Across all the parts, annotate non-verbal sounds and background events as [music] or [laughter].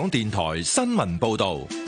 港電台新聞報道。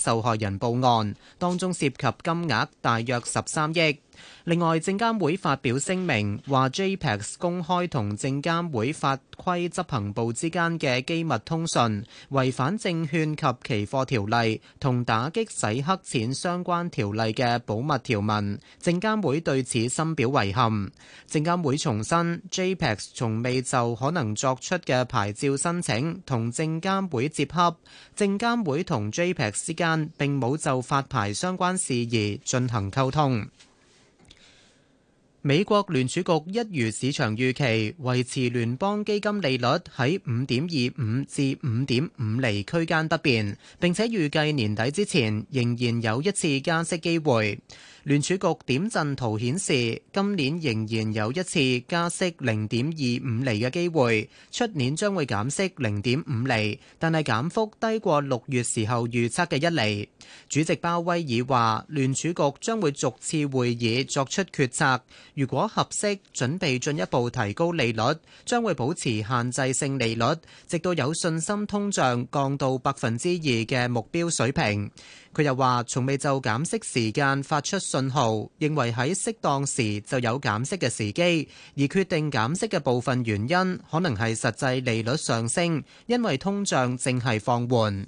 受害人報案，當中涉及金額大約十三億。另外，證監會發表聲明，話 JPEX 公開同證監會法規執行部之間嘅機密通訊違反證券及期貨條例同打擊洗黑錢相關條例嘅保密條文，證監會對此深表遺憾。證監會重申，JPEX 從未就可能作出嘅牌照申請同證監會接洽，證監會同 JPEX 之間並冇就發牌相關事宜進行溝通。美國聯儲局一如市場預期，維持聯邦基金利率喺五點二五至五點五釐區間不變，並且預計年底之前仍然有一次加息機會。聯儲局點陣圖顯示，今年仍然有一次加息零點二五厘嘅機會，出年將會減息零點五厘，但係減幅低過六月時候預測嘅一厘。主席鮑威爾話：聯儲局將會逐次會議作出決策，如果合適，準備進一步提高利率，將會保持限制性利率，直到有信心通脹降到百分之二嘅目標水平。佢又話：從未就減息時間發出信號，認為喺適當時就有減息嘅時機，而決定減息嘅部分原因可能係實際利率上升，因為通脹正係放緩。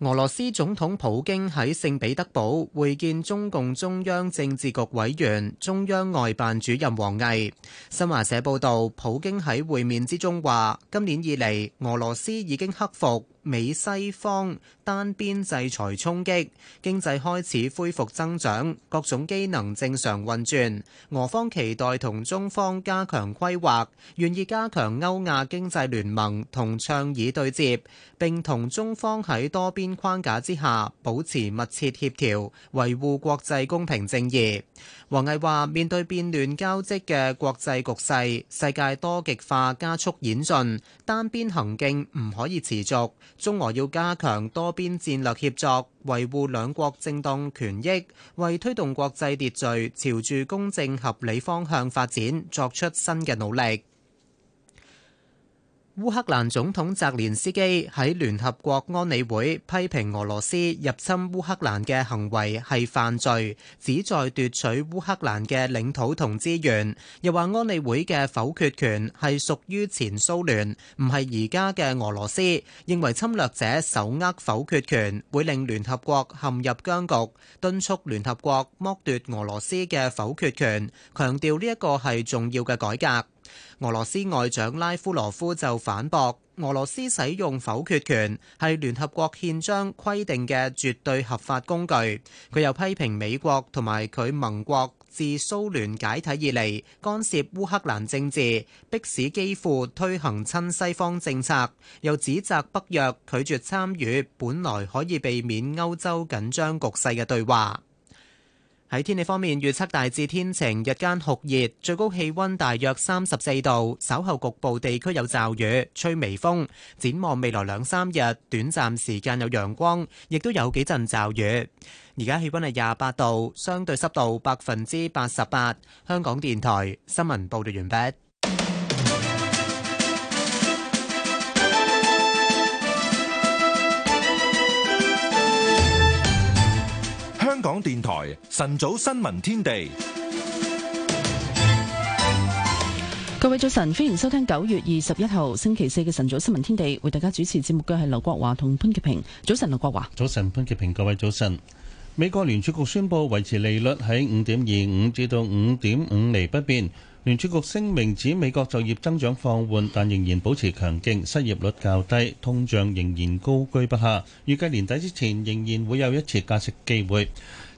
俄羅斯總統普京喺聖彼得堡會見中共中央政治局委員、中央外辦主任王毅。新華社報導，普京喺會面之中話：今年以嚟，俄羅斯已經克服美西方單邊制裁衝擊經濟，開始恢復增長，各種機能正常運轉。俄方期待同中方加強規劃，願意加強歐亞經濟聯盟同倡議對接，並同中方喺多邊框架之下保持密切協調，維護國際公平正義，王毅話面對變亂交織嘅國際局勢，世界多極化加速演進，單邊行徑唔可以持續。中俄要加強多邊戰略協作，維護兩國正當權益，為推動國際秩序朝住公正合理方向發展作出新嘅努力。烏克蘭總統澤連斯基喺聯合國安理會批評俄羅斯入侵烏克蘭嘅行為係犯罪，旨在奪取烏克蘭嘅領土同資源。又話安理會嘅否決權係屬於前蘇聯，唔係而家嘅俄羅斯。認為侵略者手握否決權會令聯合國陷入僵局，敦促聯合國剝奪俄羅斯嘅否決權，強調呢一個係重要嘅改革。俄羅斯外長拉夫羅夫就反駁，俄羅斯使用否決權係聯合國憲章規定嘅絕對合法工具。佢又批評美國同埋佢盟國自蘇聯解體以嚟干涉烏克蘭政治，迫使基輔推行親西方政策，又指責北約拒絕參與本來可以避免歐洲緊張局勢嘅對話。喺天氣方面預測大致天晴，日間酷熱，最高氣溫大約三十四度，稍後局部地區有驟雨，吹微風。展望未來兩三日，短暫時間有陽光，亦都有幾陣驟雨。而家氣溫係廿八度，相對濕度百分之八十八。香港電台新聞報道完畢。港電台晨早新聞天地，各位早晨，歡迎收聽九月二十一號星期四嘅晨早新聞天地，為大家主持節目嘅係劉國華同潘潔平。早晨，劉國華。早晨，潘潔平。各位早晨。美國聯儲局宣布維持利率喺五點二五至到五點五厘不變。聯儲局聲明指美國就業增長放緩，但仍然保持強勁，失業率較低，通脹仍然高居不下。預計年底之前仍然會有一次加息機會。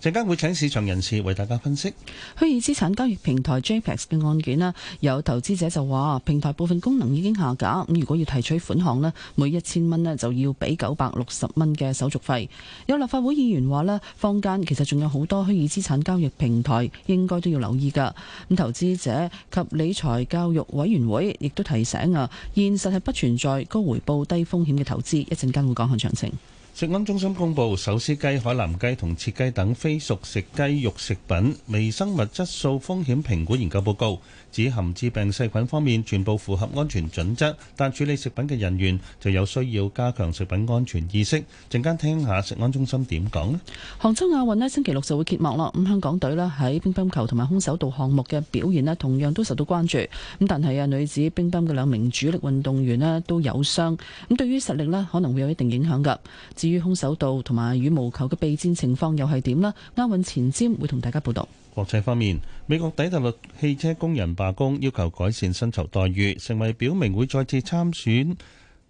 陣間會請市場人士為大家分析虛擬資產交易平台 JPEX 嘅案件啦。有投資者就話，平台部分功能已經下架，咁如果要提取款項咧，每一千蚊咧就要俾九百六十蚊嘅手續費。有立法會議員話咧，坊間其實仲有好多虛擬資產交易平台，應該都要留意噶。咁投資者及理財教育委員會亦都提醒啊，現實係不存在高回報低風險嘅投資。一陣間會講下詳情。食安中心公布手撕雞、海南雞同切雞等非熟食雞肉食品微生物質素風險評估研究報告，指含致病細菌方面全部符合安全準則，但處理食品嘅人員就有需要加強食品安全意識。陣間聽下食安中心點講呢。杭州亞運呢星期六就會揭幕咯，咁香港隊呢喺乒乓球同埋空手道項目嘅表現呢同樣都受到關注，咁但係啊女子乒乓嘅兩名主力運動員呢都有傷，咁對於實力呢可能會有一定影響噶。至於空手道同埋羽毛球嘅備戰情況又係點呢？亞運前瞻會同大家報道。國際方面，美國底特律汽車工人罷工，要求改善薪酬待遇，成為表明會再次參選、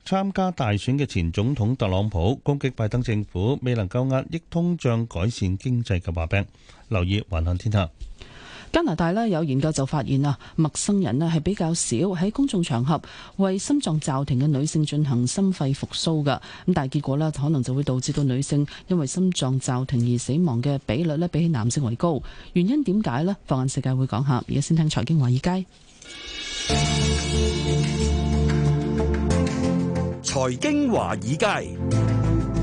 參加大選嘅前總統特朗普攻擊拜登政府未能夠壓抑通脹、改善經濟嘅話柄。留意環行天下。加拿大呢有研究就發現啊，陌生人呢係比較少喺公眾場合為心臟驟停嘅女性進行心肺復甦噶，咁但係結果呢可能就會導致到女性因為心臟驟停而死亡嘅比率呢比起男性為高，原因點解呢？放眼世界會講下，而家先聽財經華爾街。財經華爾街。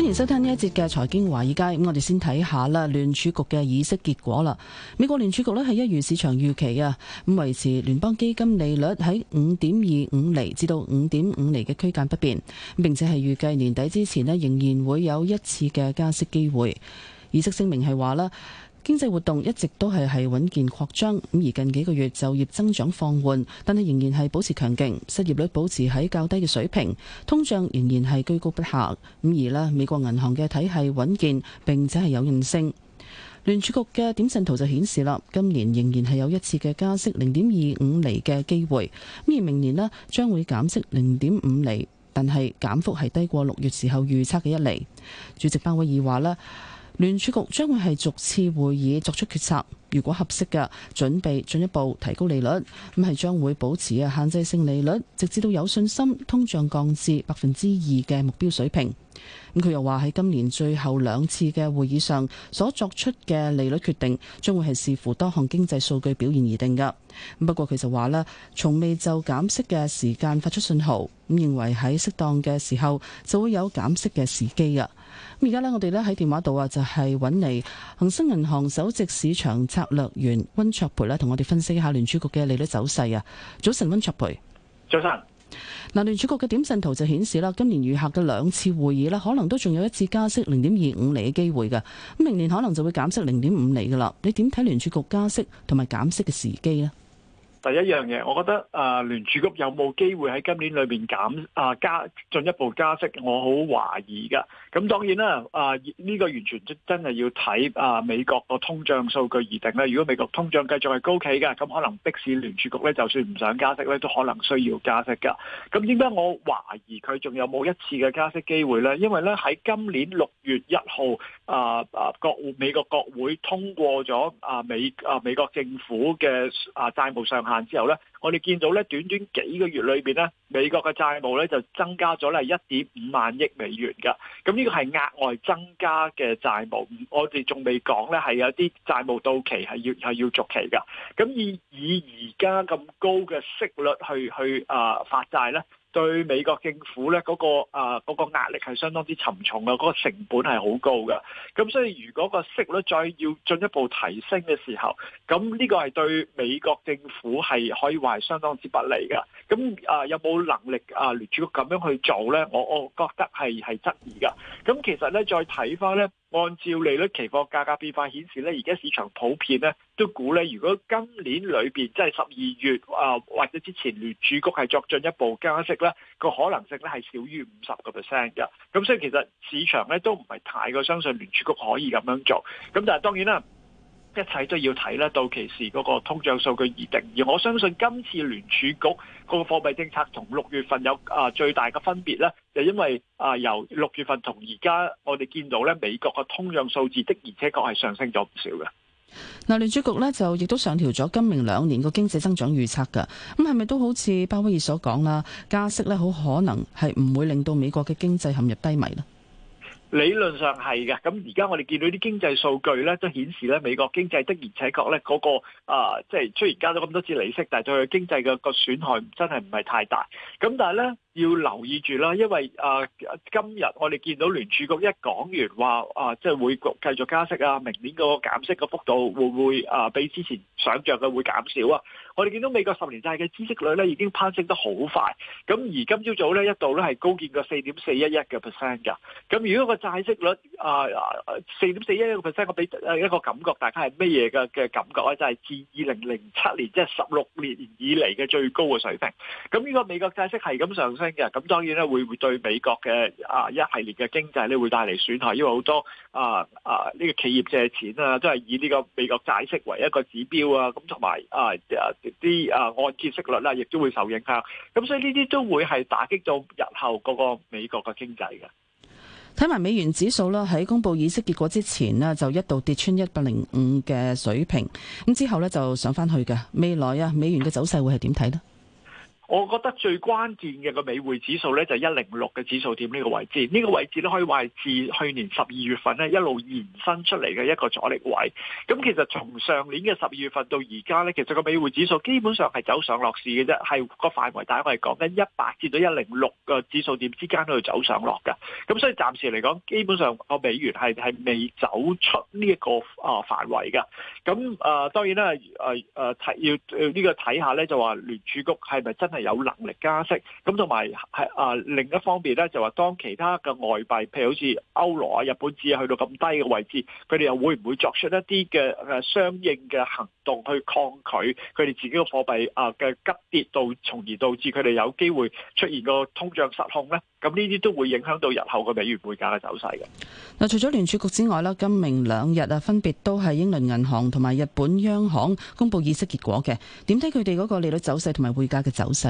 歡迎收聽呢一節嘅財經華爾街，咁我哋先睇下啦，聯儲局嘅議息結果啦。美國聯儲局咧係一如市場預期啊，咁維持聯邦基金利率喺五點二五厘至到五點五厘嘅區間不變，並且係預計年底之前咧仍然會有一次嘅加息機會。議息聲明係話咧。經濟活動一直都係係穩健擴張，咁而近幾個月就業增長放緩，但係仍然係保持強勁，失業率保持喺較低嘅水平，通脹仍然係居高不下。咁而呢，美國銀行嘅體系穩健並且係有韌性。聯儲局嘅點陣圖就顯示啦，今年仍然係有一次嘅加息零點二五厘嘅機會，咁而明年呢將會減息零點五厘，但係減幅係低過六月時候預測嘅一厘。主席鮑威爾話咧。聯儲局將會係逐次會議作出決策，如果合適嘅，準備進一步提高利率，咁係將會保持嘅限制性利率，直至到有信心通脹降至百分之二嘅目標水平。咁佢又話喺今年最後兩次嘅會議上所作出嘅利率決定，將會係視乎多項經濟數據表現而定㗎。不過佢就話咧，從未就減息嘅時間發出信號，咁認為喺適當嘅時候就會有減息嘅時機㗎。而家咧，我哋咧喺電話度啊，就係揾嚟恒生銀行首席市場策略員溫卓培咧，同我哋分析一下聯儲局嘅利率走勢啊。早晨，溫卓培，早晨上。嗱，聯儲局嘅點陣圖就顯示啦，今年餘下嘅兩次會議咧，可能都仲有一次加息零點二五厘嘅機會嘅。咁明年可能就會減息零點五厘噶啦。你點睇聯儲局加息同埋減息嘅時機咧？第一樣嘢，我覺得啊、呃、聯儲局有冇機會喺今年裏面減啊、呃、加進一步加息，我好懷疑噶。咁當然啦，啊、呃、呢、這個完全真真係要睇啊、呃、美國個通脹數據而定啦。如果美國通脹繼續係高企嘅，咁可能迫使聯儲局咧，就算唔想加息咧，都可能需要加息噶。咁點解我懷疑佢仲有冇一次嘅加息機會咧？因為咧喺今年六月一號啊啊國美國國會通過咗啊、呃、美啊、呃、美國政府嘅啊、呃、債務上限。之後咧，我哋見到咧，短短幾個月裏邊咧，美國嘅債務咧就增加咗啦一點五萬億美元噶，咁呢個係額外增加嘅債務，我哋仲未講咧係有啲債務到期，係要係要續期噶，咁以以而家咁高嘅息率去去啊、呃、發債咧。對美國政府咧嗰個啊嗰個壓力係相當之沉重嘅，嗰個成本係好高嘅。咁所以如果個息率再要進一步提升嘅時候，咁呢個係對美國政府係可以話係相當之不利嘅。咁啊有冇能力啊聯儲局咁樣去做咧？我我覺得係係質疑嘅。咁其實咧再睇翻咧。按照利率期貨價格變化顯示咧，而家市場普遍咧都估咧，如果今年裏邊即係十二月啊、呃、或者之前聯儲局係作進一步加息咧，個可能性咧係少於五十個 percent 嘅。咁所以其實市場咧都唔係太過相信聯儲局可以咁樣做。咁但係當然啦。一切都要睇咧，到期時嗰個通脹數據而定。而我相信今次聯儲局個貨幣政策同六月份有啊最大嘅分別咧，就因為啊由六月份同而家我哋見到呢美國嘅通脹數字的而且確係上升咗唔少㗎。嗱聯儲局呢就亦都上調咗今明兩年個經濟增長預測㗎。咁係咪都好似鮑威爾所講啦？加息呢，好可能係唔會令到美國嘅經濟陷入低迷啦。理論上係嘅，咁而家我哋見到啲經濟數據咧，都顯示咧美國經濟的而且確咧、那、嗰個啊，即、呃、係雖然加咗咁多次利息，但係對佢經濟嘅個損害真係唔係太大。咁但係咧。要留意住啦，因為啊、呃，今日我哋見到聯儲局一講完話啊，即係、呃就是、會繼續加息啊，明年個減息個幅度會唔會啊、呃，比之前想像嘅會減少啊？我哋見到美國十年債嘅孳息率咧已經攀升得好快，咁而今朝早呢，一度咧係高見過四點四一一嘅 percent 㗎。咁如果個債息率啊四點四一一嘅 percent，我俾一個感覺大家係乜嘢嘅嘅感覺啊？就係、是、自二零零七年即係十六年以嚟嘅最高嘅水平。咁呢個美國債息係咁上。咁，當然咧會會對美國嘅啊一系列嘅經濟咧會帶嚟損害，因為好多啊啊呢個企業借錢啊，都係以呢個美國債息為一個指標啊，咁同埋啊啲啊按揭息率啦，亦都會受影響。咁所以呢啲都會係打擊咗日後嗰個美國嘅經濟嘅。睇埋美元指數啦，喺公布議息結果之前咧就一度跌穿一百零五嘅水平，咁之後咧就上翻去嘅。未來啊，美元嘅走勢會係點睇呢？我覺得最關鍵嘅個美匯指數咧就係一零六嘅指數點呢個位置，呢、這個位置都可以話係自去年十二月份咧一路延伸出嚟嘅一個阻力位。咁其實從上年嘅十二月份到而家咧，其實個美匯指數基本上係走上落市嘅啫，係個範圍大概係講緊一百至到一零六嘅指數點之間都要走上落嘅。咁所以暫時嚟講，基本上個美元係係未走出呢一個啊範圍嘅。咁啊、呃、當然啦，啊啊睇要個呢個睇下咧就話聯儲局係咪真係有能力加息，咁同埋係啊另一方面呢，就話、是、當其他嘅外幣，譬如好似歐羅啊、日本紙啊，去到咁低嘅位置，佢哋又會唔會作出一啲嘅誒相應嘅行動去抗拒佢哋自己嘅貨幣啊嘅急跌，到從而導致佢哋有機會出現個通脹失控呢，咁呢啲都會影響到日後嘅美元匯價嘅走勢嘅。嗱，除咗聯儲局之外咧，今明兩日啊，分別都係英倫銀行同埋日本央行公布議息結果嘅，點睇佢哋嗰個利率走勢同埋匯價嘅走勢？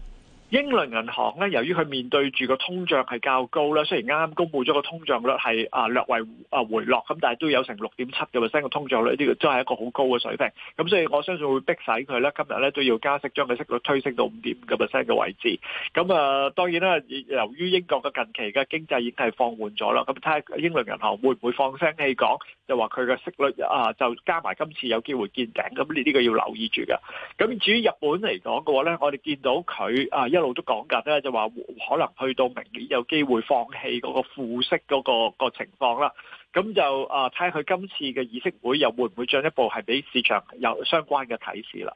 英倫銀行咧，由於佢面對住個通脹係較高咧，雖然啱啱公佈咗個通脹率係啊略為啊回落咁，但係都有成六點七嘅 percent 嘅通脹率，呢個都係一個好高嘅水平。咁所以我相信會逼使佢咧，今日咧都要加息，將佢息率推升到五點五嘅 percent 嘅位置。咁啊，當然啦，由於英國嘅近期嘅經濟已經係放緩咗啦，咁睇下英倫銀行會唔會放聲氣講，就話佢嘅息率啊就加埋今次有機會見頂。咁呢呢個要留意住嘅。咁至於日本嚟講嘅話咧，我哋見到佢啊一路都講緊咧，就話可能去到明年有機會放棄嗰個負息嗰個個情況啦。咁就啊，睇下佢今次嘅議息會又會唔會進一步係俾市場有相關嘅提示啦。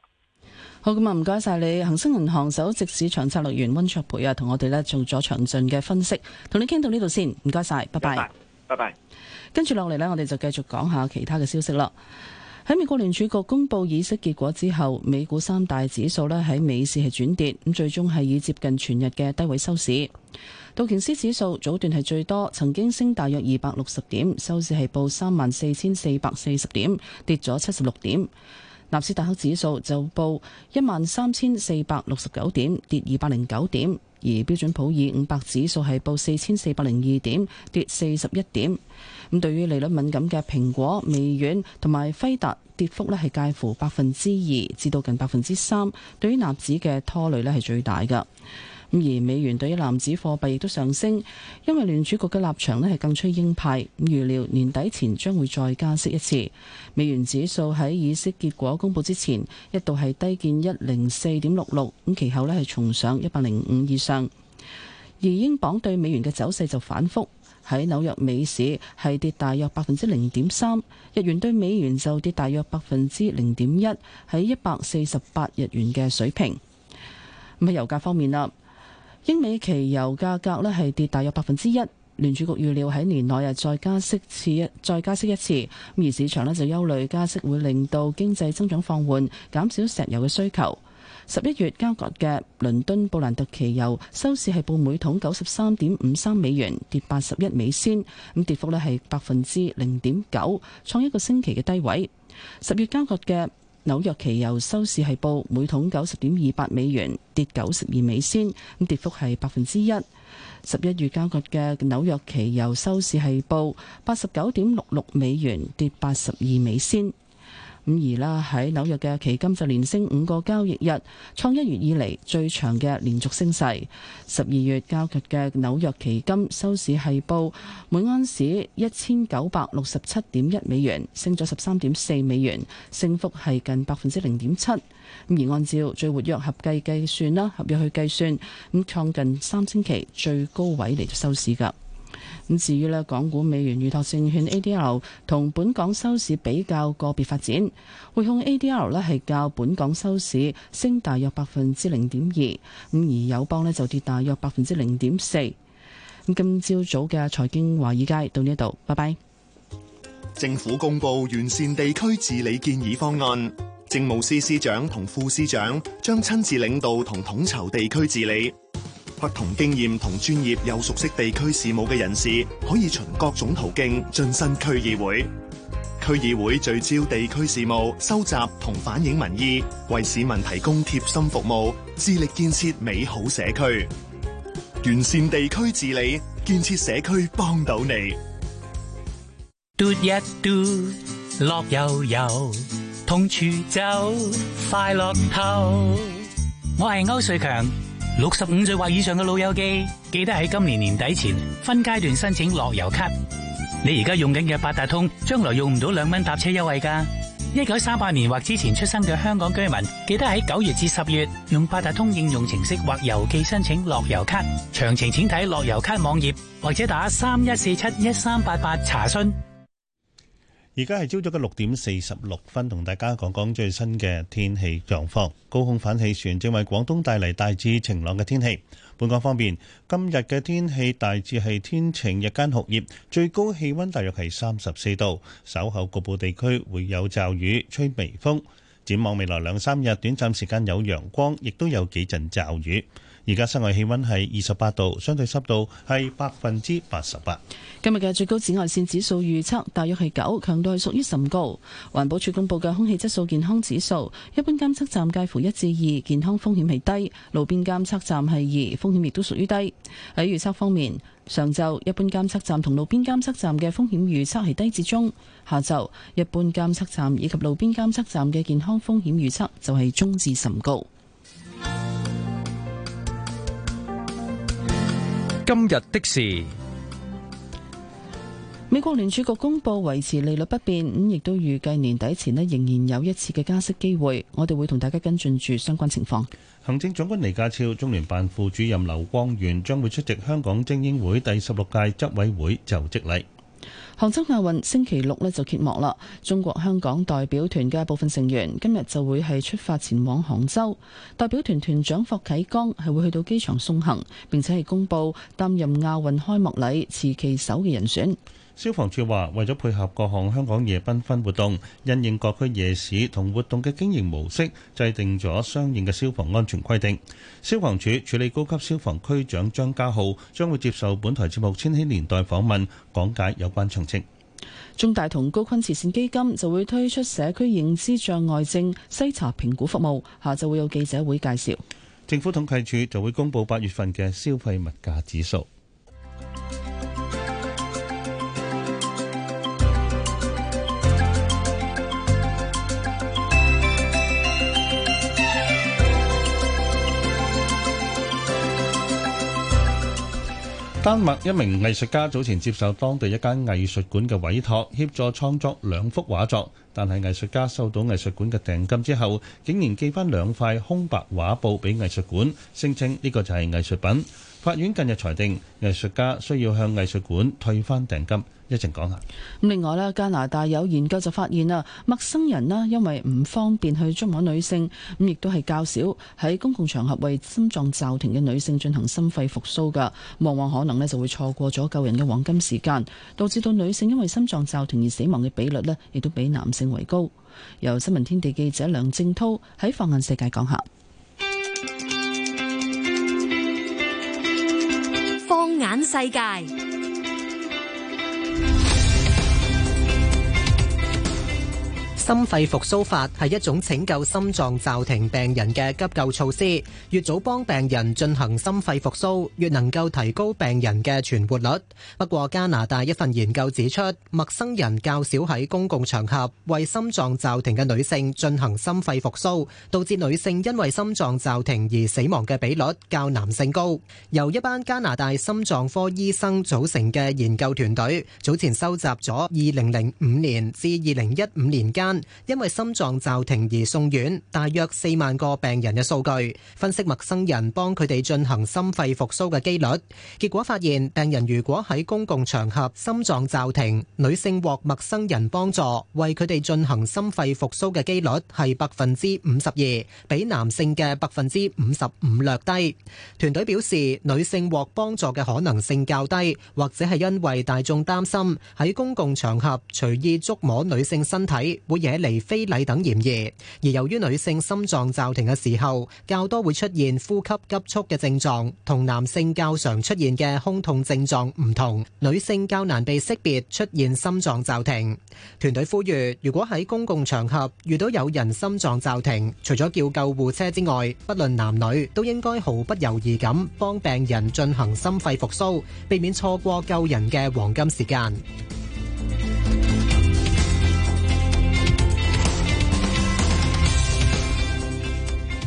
好，咁啊，唔該晒你，恒生銀行首席市場策略員溫卓培啊，同我哋咧做咗詳盡嘅分析，同你傾到呢度先，唔該晒，拜拜，拜拜。跟住落嚟呢，我哋就繼續講下其他嘅消息啦。喺美國聯儲局公布議息結果之後，美股三大指數呢喺美市係轉跌，咁最終係以接近全日嘅低位收市。道瓊斯指數早段係最多，曾經升大約二百六十點，收市係報三萬四千四百四十點，跌咗七十六點。納斯達克指數就報一萬三千四百六十九點，跌二百零九點；而標準普爾五百指數係報四千四百零二點，跌四十一點。咁對於利率敏感嘅蘋果、微軟同埋輝達，跌幅咧係介乎百分之二至到近百分之三，對於納指嘅拖累咧係最大㗎。而美元兌一籃子貨幣亦都上升，因為聯儲局嘅立場呢係更趨鷹派，預料年底前將會再加息一次。美元指數喺議息結果公布之前一度係低見一零四點六六，咁其後呢係重上一百零五以上。而英鎊對美元嘅走勢就反覆，喺紐約美市係跌大約百分之零點三，日元對美元就跌大約百分之零點一，喺一百四十八日元嘅水平。咁喺油價方面啦。英美期油價格咧係跌大約百分之一，聯儲局預料喺年內啊再加息一次，再加息一次，咁而市場咧就憂慮加息會令到經濟增長放緩，減少石油嘅需求。十一月交割嘅倫敦布蘭特期油收市係報每桶九十三點五三美元，跌八十一美仙，咁跌幅咧係百分之零點九，創一個星期嘅低位。十月交割嘅紐約期油收市係報每桶九十點二八美元，跌九十二美仙，咁跌幅係百分之一。十一月交割嘅紐約期油收市係報八十九點六六美元，跌八十二美仙。咁而啦，喺紐約嘅期金就連升五個交易日，創一月以嚟最長嘅連續升勢。十二月交期嘅紐約期金收市係報每安士一千九百六十七點一美元，升咗十三點四美元，升幅係近百分之零點七。咁而按照最活躍合計計算啦，合約去計算，咁創近三星期最高位嚟收市㗎。咁至於咧，港股美元預託證券 ADL 同本港收市比較個別發展，匯控 ADL 咧係較本港收市升大約百分之零點二，咁而友邦咧就跌大約百分之零點四。今朝早嘅財經華爾街到呢度，拜拜。政府公布完善地區治理建議方案，政務司司長同副司長將親自領導同統籌地區治理。不同經驗同專業又熟悉地區事務嘅人士，可以循各種途徑進身區議會。區議會聚焦地區事務，收集同反映民意，為市民提供貼心服務，致力建設美好社區，完善地區治理，建設社區，幫到你。嘟一嘟，樂悠悠，同處走，快樂透。我係歐瑞強。六十五歲或以上嘅老友記，記得喺今年年底前分階段申請樂悠咭。你而家用緊嘅八達通，將來用唔到兩蚊搭車優惠㗎。一九三八年或之前出生嘅香港居民，記得喺九月至十月用八達通應用程式或郵寄申請樂悠咭。詳情請睇樂悠咭網頁或者打三一四七一三八八查詢。而家係朝早嘅六點四十六分，同大家講講最新嘅天氣狀況。高空反氣旋正為廣東帶嚟大致晴朗嘅天氣。本港方面，今日嘅天氣大致係天晴，日間酷熱，最高氣溫大約係三十四度。稍後局部地區會有驟雨，吹微風。展望未來兩三日，短暫時間有陽光，亦都有幾陣驟雨。而家室外氣溫係二十八度，相對濕度係百分之八十八。今日嘅最高紫外線指數預測大約係九，強度係屬於甚高。環保署公布嘅空氣質素健康指數，一般監測站介乎一至二，健康風險係低；路邊監測站係二，風險亦都屬於低。喺預測方面，上晝一般監測站同路邊監測站嘅風險預測係低至中；下晝一般監測站以及路邊監測站嘅健康風險預測就係中至甚高。今日的事，美國聯儲局公布維持利率不變，咁亦都預計年底前咧仍然有一次嘅加息機會。我哋會同大家跟進住相關情況。行政長官李家超、中聯辦副主任劉光源將會出席香港精英會第十六屆執委會就職禮。杭州亞運星期六咧就揭幕啦，中國香港代表團嘅部分成員今日就會係出發前往杭州，代表團團長霍啟剛係會去到機場送行，並且係公佈擔任亞運開幕禮持旗手嘅人選。消防處話，為咗配合各項香港夜繽紛活動，因應各區夜市同活動嘅經營模式，制定咗相應嘅消防安全規定。消防處處理高級消防區長張家浩將會接受本台節目《千禧年代》訪問，講解有關詳情。中大同高錕慈善基金就會推出社區認知障礙症篩查評估服務，下晝會有記者會介紹。政府統計處就會公布八月份嘅消費物價指數。丹麥一名藝術家早前接受當地一間藝術館嘅委託，協助創作兩幅畫作。但係藝術家收到藝術館嘅訂金之後，竟然寄返兩塊空白畫布畀藝術館，聲稱呢個就係藝術品。法院近日裁定，藝術家需要向藝術館退返訂金。一陣講下。咁另外咧，加拿大有研究就發現啦，陌生人啦，因為唔方便去觸摸女性，咁亦都係較少喺公共場合為心臟驟停嘅女性進行心肺復甦嘅，往往可能咧就會錯過咗救人嘅黃金時間，導致到女性因為心臟驟停而死亡嘅比率咧，亦都比男性為高。由新聞天地記者梁正濤喺放眼世界講下。放眼世界。心肺復甦法係一種拯救心臟驟停病人嘅急救措施。越早幫病人進行心肺復甦，越能夠提高病人嘅存活率。不過，加拿大一份研究指出，陌生人較少喺公共場合為心臟驟停嘅女性進行心肺復甦，導致女性因為心臟驟停而死亡嘅比率較男性高。由一班加拿大心臟科醫生組成嘅研究團隊，早前收集咗二零零五年至二零一五年間。因為心臟驟停而送院，大約四萬個病人嘅數據，分析陌生人幫佢哋進行心肺復甦嘅幾率，結果發現，病人如果喺公共場合心臟驟停，女性獲陌生人幫助為佢哋進行心肺復甦嘅幾率係百分之五十二，比男性嘅百分之五十五略低。團隊表示，女性獲幫助嘅可能性較低，或者係因為大眾擔心喺公共場合隨意觸摸女性身體會。惹離非禮等嫌疑，而由於女性心臟驟停嘅時候較多會出現呼吸急促嘅症狀，同男性較常出現嘅胸痛症狀唔同，女性較難被識別出現心臟驟停。團隊呼籲，如果喺公共場合遇到有人心臟驟停，除咗叫救護車之外，不論男女都應該毫不猶豫咁幫病人進行心肺復甦，避免錯過救人嘅黃金時間。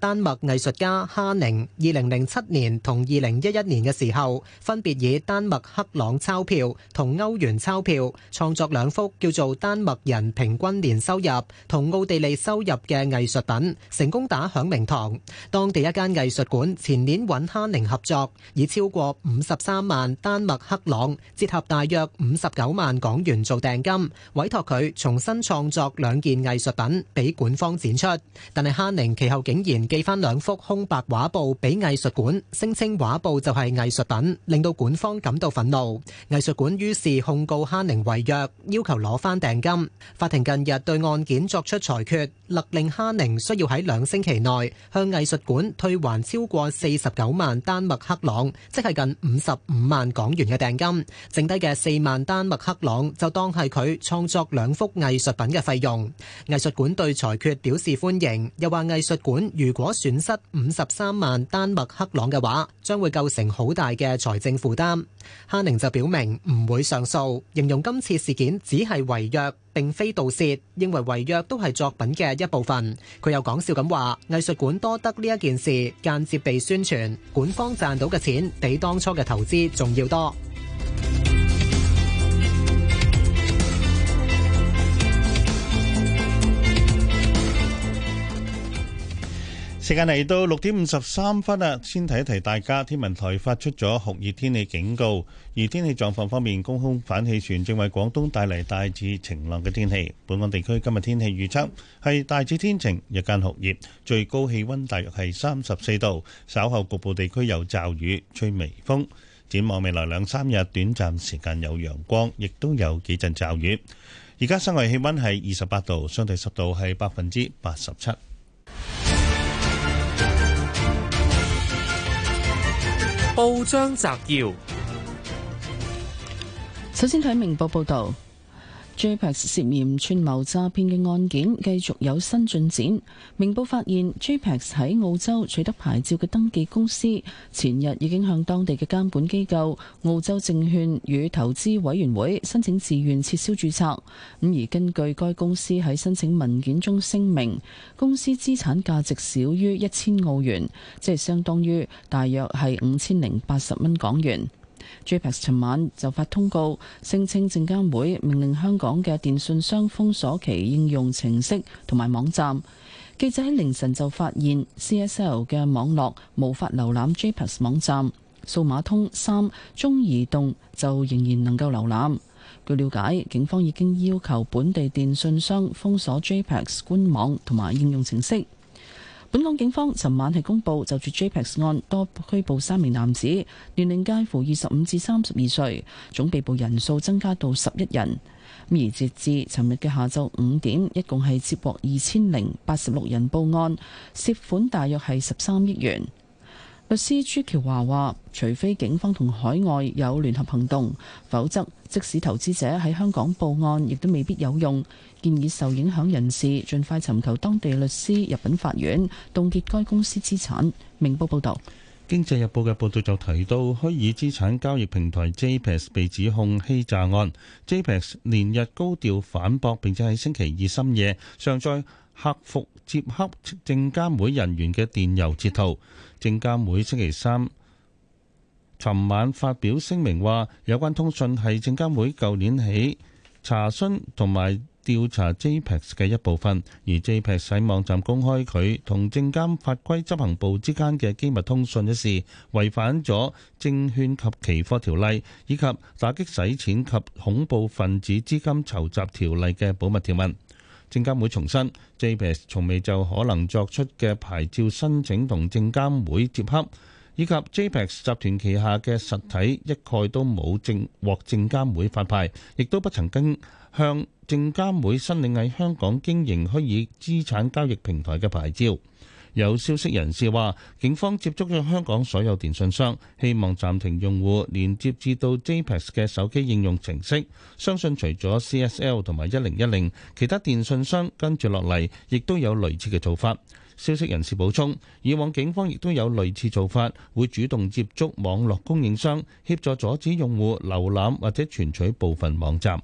丹麥藝術家哈寧，二零零七年同二零一一年嘅時候，分別以丹麥克朗鈔票同歐元鈔票創作兩幅叫做《丹麥人平均年收入》同《奧地利收入》嘅藝術品，成功打響名堂。當地一間藝術館前年揾哈寧合作，以超過五十三萬丹麥克朗折合大約五十九萬港元做訂金，委託佢重新創作兩件藝術品俾館方展出。但係哈寧其後竟然，寄翻兩幅空白畫布俾藝術館，聲稱畫布就係藝術品，令到館方感到憤怒。藝術館於是控告哈寧違約，要求攞翻訂金。法庭近日對案件作出裁決，勒令哈寧需要喺兩星期內向藝術館退還超過四十九萬丹麥克朗，即係近五十五萬港元嘅訂金。剩低嘅四萬丹麥克朗就當係佢創作兩幅藝術品嘅費用。藝術館對裁決表示歡迎，又話藝術館如果。如果損失五十三萬丹麥克朗嘅話，將會構成好大嘅財政負擔。哈寧就表明唔會上訴，形容今次事件只係違約，並非盜竊，認為違約都係作品嘅一部分。佢又講笑咁話，藝術館多得呢一件事間接被宣傳，館方賺到嘅錢比當初嘅投資仲要多。時間嚟到六點五十三分啦，先提一提大家，天文台發出咗酷熱天氣警告。而天氣狀況方面，高空反氣旋正為廣東帶嚟大致晴朗嘅天氣。本港地區今日天氣預測係大致天晴，日間酷熱，最高氣溫大約係三十四度。稍後局部地區有驟雨，吹微風。展望未來兩三日，短暫時間有陽光，亦都有幾陣驟雨。而家室外氣溫係二十八度，相對濕度係百分之八十七。報章摘要：首先睇明報報道。JPEX 涉嫌串謀詐騙嘅案件繼續有新進展，明報發現 JPEX 喺澳洲取得牌照嘅登記公司，前日已經向當地嘅監管機構澳洲證券與投資委員會申請自願撤銷註冊。咁而根據該公司喺申請文件中聲明，公司資產價值少於一千澳元，即係相當於大約係五千零八十蚊港元。JPEX 尋晚就發通告聲稱證監會命令香港嘅電訊商封鎖其應用程式同埋網站。記者喺凌晨就發現 CSL 嘅網絡無法瀏覽 JPEX 網站，數碼通三中移動就仍然能夠瀏覽。據了解，警方已經要求本地電訊商封鎖 JPEX 官網同埋應用程式。本港警方尋晚係公佈就住 JPEX 案多拘捕三名男子，年齡介乎二十五至三十二歲，總被捕人數增加到十一人。而截至尋日嘅下晝五點，一共係接獲二千零八十六人報案，涉款大約係十三億元。律師朱橋華話：除非警方同海外有聯合行動，否則即使投資者喺香港報案，亦都未必有用。建議受影響人士盡快尋求當地律師入禀法院，凍結該公司資產。明報報導，《經濟日報》嘅報導就提到虛擬資產交易平台 JPEX 被指控欺詐案。JPEX 連日高調反駁，並且喺星期二深夜上載客服接洽證監會人員嘅電郵截圖。證監會星期三尋晚發表聲明話，有關通訊係證監會舊年起查詢同埋。調查 JPEX 嘅一部分，而 JPEX 喺網站公開佢同證監法規執行部之間嘅機密通訊一事，違反咗證券及期貨條例以及打擊洗錢及恐怖分子資金籌集條例嘅保密條文。證監會重申，JPEX 從未就可能作出嘅牌照申請同證監會接洽，以及 JPEX 集團旗下嘅實體一概都冇證獲證監會發牌，亦都不曾經。向證監會申領喺香港經營虛擬資產交易平台嘅牌照。有消息人士話，警方接觸咗香港所有電信商，希望暫停用戶連接至到 JPEX 嘅手機應用程式。相信除咗 CSL 同埋一零一零，其他電信商跟住落嚟亦都有類似嘅做法。消息人士補充，以往警方亦都有類似做法，會主動接觸網絡供應商，協助阻止用戶瀏覽或者存取部分網站。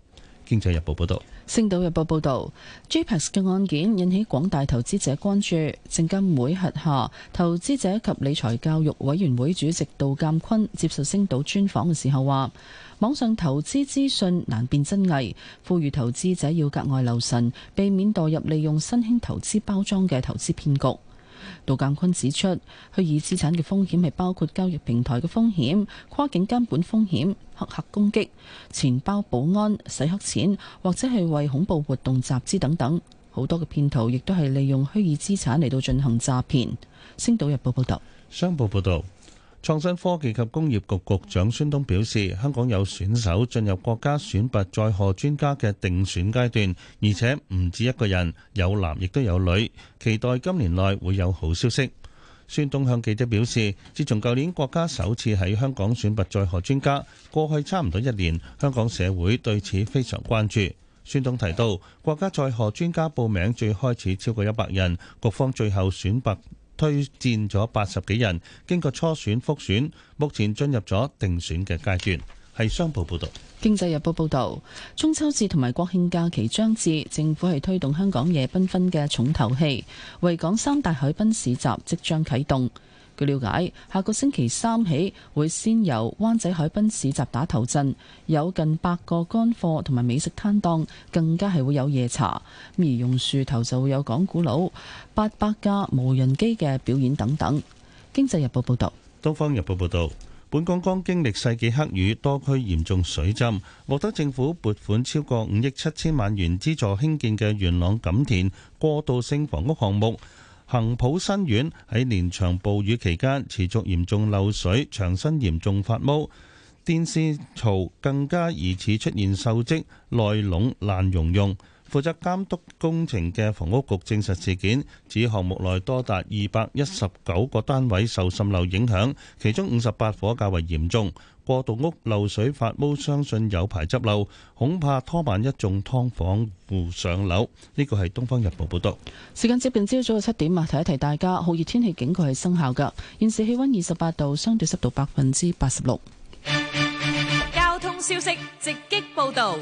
經濟日報報道，星島日報報道，JPEX 嘅案件引起廣大投資者關注。證監會轄下投資者及理財教育委員會主席杜鑑坤接受星島專訪嘅時候話，網上投資資訊難辨真偽，呼籲投資者要格外留神，避免墮入利用新興投資包裝嘅投資騙局。杜鑑坤指出，虛擬資產嘅風險係包括交易平台嘅風險、跨境監管風險、黑客攻擊、錢包保安、洗黑錢，或者係為恐怖活動集資等等。好多嘅騙徒亦都係利用虛擬資產嚟到進行詐騙。星島日報報道。商報報導。創新科技及工業局局長孫東表示，香港有選手進入國家選拔載荷專家嘅定選階段，而且唔止一個人，有男亦都有女，期待今年內會有好消息。孫東向記者表示，自從舊年國家首次喺香港選拔載荷專家，過去差唔多一年，香港社會對此非常關注。孫東提到，國家載荷專家報名最開始超過一百人，局方最後選拔。推薦咗八十幾人，經過初選、復選，目前進入咗定選嘅階段。係商報報導，《經濟日報》報導，中秋節同埋國慶假期將至，政府係推動香港夜繽紛嘅重頭戲，維港三大海濱市集即將啟動。據了解，下個星期三起會先由灣仔海濱市集打頭陣，有近百個乾貨同埋美食攤檔，更加係會有夜茶。咁而榕樹頭就會有講古佬、八百架無人機嘅表演等等。《經濟日報》報道，《東方日報》報道，本港剛經歷世紀黑雨，多區嚴重水浸，獲得政府撥款超過五億七千萬元資助興建嘅元朗錦田過渡性房屋項目。恒普新苑喺連場暴雨期間持續嚴重漏水，牆身嚴重發毛，電視槽更加疑似出現銹跡，內籠爛溶溶。負責監督工程嘅房屋局證實事件，指項目內多達二百一十九個單位受滲漏影響，其中五十八夥較為嚴重。過渡屋漏水發毛，相信有排執漏，恐怕拖慢一眾㓥房戶上樓。呢個係東方日報報道。時間接近朝早嘅七點啊，提一提大家，酷熱天氣警告係生效㗎。現時氣溫二十八度，相對濕度百分之八十六。交通消息直擊報道。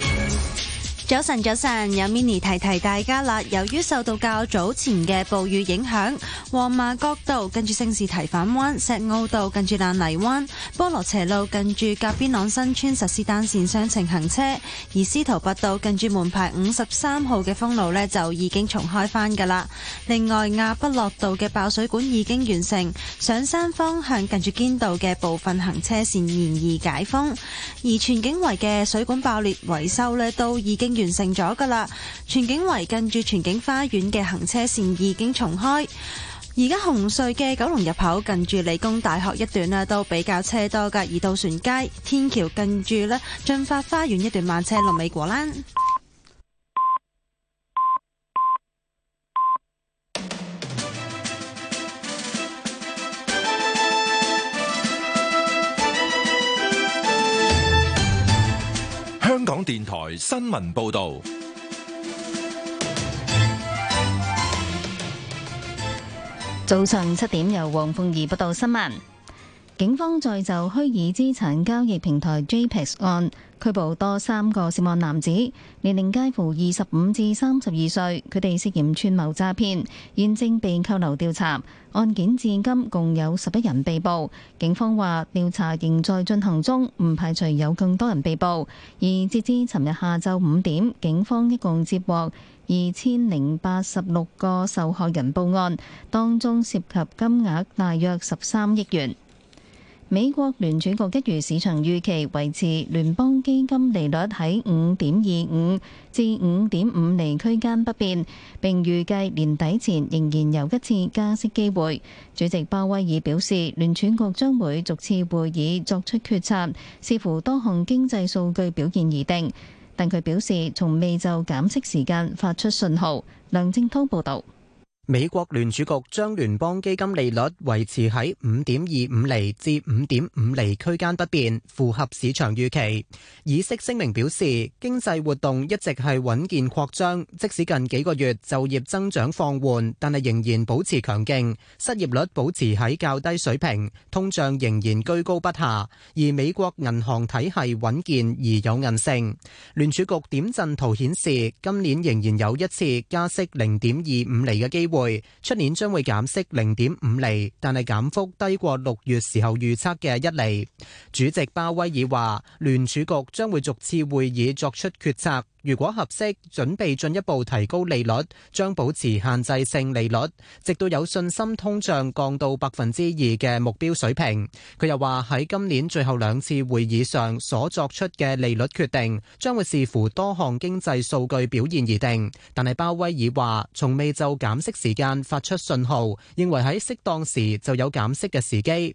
早晨，早晨，有 Mini 提提大家啦。由於受到較早前嘅暴雨影響，黃麻角道近住聖士提反灣、石澳道近住爛泥灣、菠蘿斜路近住甲邊朗新村實施單線雙程行車，而司徒拔道近住門牌五十三號嘅封路呢就已經重開返噶啦。另外，亞畢諾道嘅爆水管已經完成，上山方向近住堅道嘅部分行車線現已解封，而荃景圍嘅水管爆裂維修呢都已經，完成咗噶啦，全景圍近住全景花園嘅行車線已經重開，而家紅隧嘅九龍入口近住理工大學一段咧都比較車多噶，而渡船街天橋近住呢，駿發花園一段慢車路尾果欄。香港電台新聞報道，早上七點由黃鳳儀報道新聞。警方再就虛擬資產交易平台 JPEX 案拘捕多三個涉案男子，年齡介乎二十五至三十二歲，佢哋涉嫌串謀詐騙，現正被扣留調查。案件至今共有十一人被捕。警方話調查仍在進行中，唔排除有更多人被捕。而截至尋日下晝五點，警方一共接獲二千零八十六個受害人報案，當中涉及金額大約十三億元。美國聯儲局一如市場預期，維持聯邦基金利率喺五點二五至五點五厘區間不變，並預計年底前仍然有一次加息機會。主席鮑威爾表示，聯儲局將會逐次會議作出決策，視乎多項經濟數據表現而定。但佢表示，從未就減息時間發出信號。梁正濤報道。美國聯儲局將聯邦基金利率維持喺五點二五厘至五點五厘區間不變，符合市場預期。議息聲明表示，經濟活動一直係穩健擴張，即使近幾個月就業增長放緩，但係仍然保持強勁，失業率保持喺較低水平，通脹仍然居高不下，而美國銀行體系穩健而有韌性。聯儲局點陣圖顯示，今年仍然有一次加息零點二五厘嘅機會。會出年將會減息零點五厘，但係減幅低過六月時候預測嘅一厘。主席鮑威爾話，聯儲局將會逐次會議作出決策。如果合適，準備進一步提高利率，將保持限制性利率，直到有信心通脹降到百分之二嘅目標水平。佢又話，喺今年最後兩次會議上所作出嘅利率決定將會視乎多項經濟數據表現而定。但係鮑威爾話，從未就減息時間發出信號，認為喺適當時就有減息嘅時機。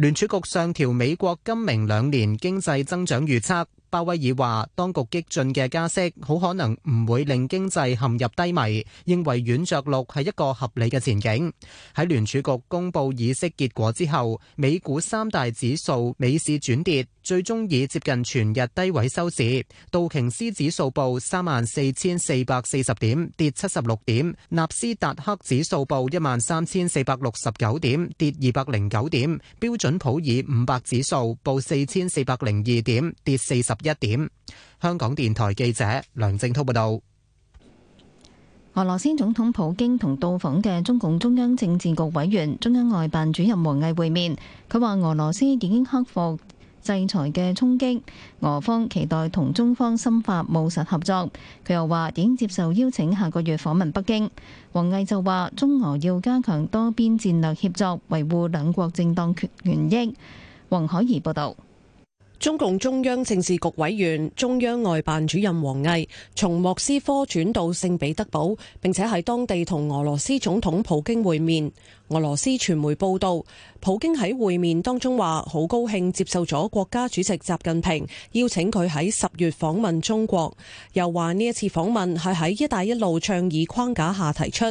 聯儲局上調美國今明兩年經濟增長預測。鮑威爾話，當局激進嘅加息好可能唔會令經濟陷入低迷，認為軟着陸係一個合理嘅前景。喺聯儲局公佈議息結果之後，美股三大指數美市轉跌。最終以接近全日低位收市，道瓊斯指數報三萬四千四百四十點，跌七十六點；納斯達克指數報一萬三千四百六十九點，跌二百零九點；標準普爾五百指數報四千四百零二點，跌四十一點。香港電台記者梁正濤報道。俄羅斯總統普京同到訪嘅中共中央政治局委員、中央外辦主任王毅會面，佢話俄羅斯已經克服制裁嘅衝擊，俄方期待同中方深化務實合作。佢又話已經接受邀請，下個月訪問北京。王毅就話中俄要加強多邊戰略協作，維護兩國正當權權益。王海怡報道，中共中央政治局委員、中央外辦主任王毅從莫斯科轉到聖彼得堡，並且喺當地同俄羅斯總統普京會面。俄羅斯傳媒報道，普京喺會面當中話好高興接受咗國家主席習近平邀請佢喺十月訪問中國，又話呢一次訪問係喺“一帶一路”倡議框架下提出，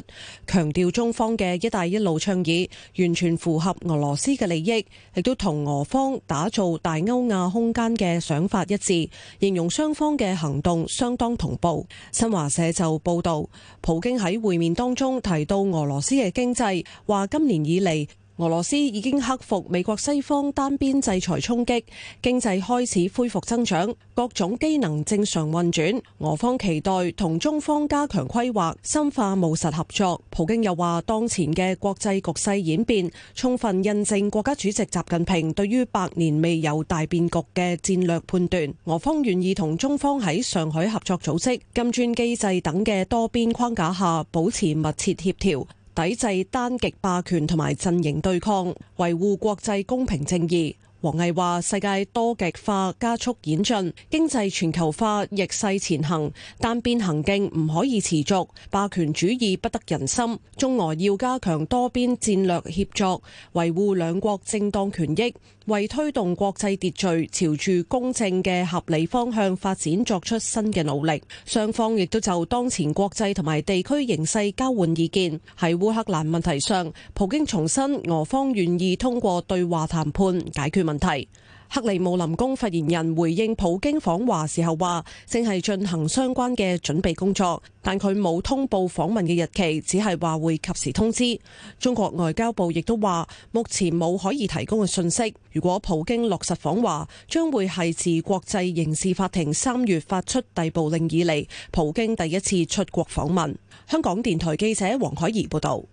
強調中方嘅“一帶一路”倡議完全符合俄羅斯嘅利益，亦都同俄方打造大歐亞空間嘅想法一致，形容雙方嘅行動相當同步。新華社就報道，普京喺會面當中提到俄羅斯嘅經濟，話。今年以嚟，俄羅斯已經克服美國西方單邊制裁衝擊，經濟開始恢復增長，各種機能正常運轉。俄方期待同中方加強規劃、深化務實合作。普京又話，當前嘅國際局勢演變，充分印證國家主席習近平對於百年未有大變局嘅戰略判斷。俄方願意同中方喺上海合作組織、金磚機制等嘅多邊框架下，保持密切協調。抵制單極霸權同埋陣營對抗，維護國際公平正義。王毅話：世界多極化加速演進，經濟全球化逆勢前行，單邊行徑唔可以持續，霸權主義不得人心。中俄要加強多邊戰略協作，維護兩國正當權益。為推動國際秩序朝住公正嘅合理方向發展作出新嘅努力。雙方亦都就當前國際同埋地區形勢交換意見。喺烏克蘭問題上，普京重申俄方願意通過對話談判解決問題。克里姆林宮發言人回應普京訪華時候話，正係進行相關嘅準備工作，但佢冇通報訪問嘅日期，只係話會及時通知。中國外交部亦都話，目前冇可以提供嘅信息。如果普京落實訪華，將會係自國際刑事法庭三月發出逮捕令以嚟，普京第一次出國訪問。香港電台記者黃海怡報道。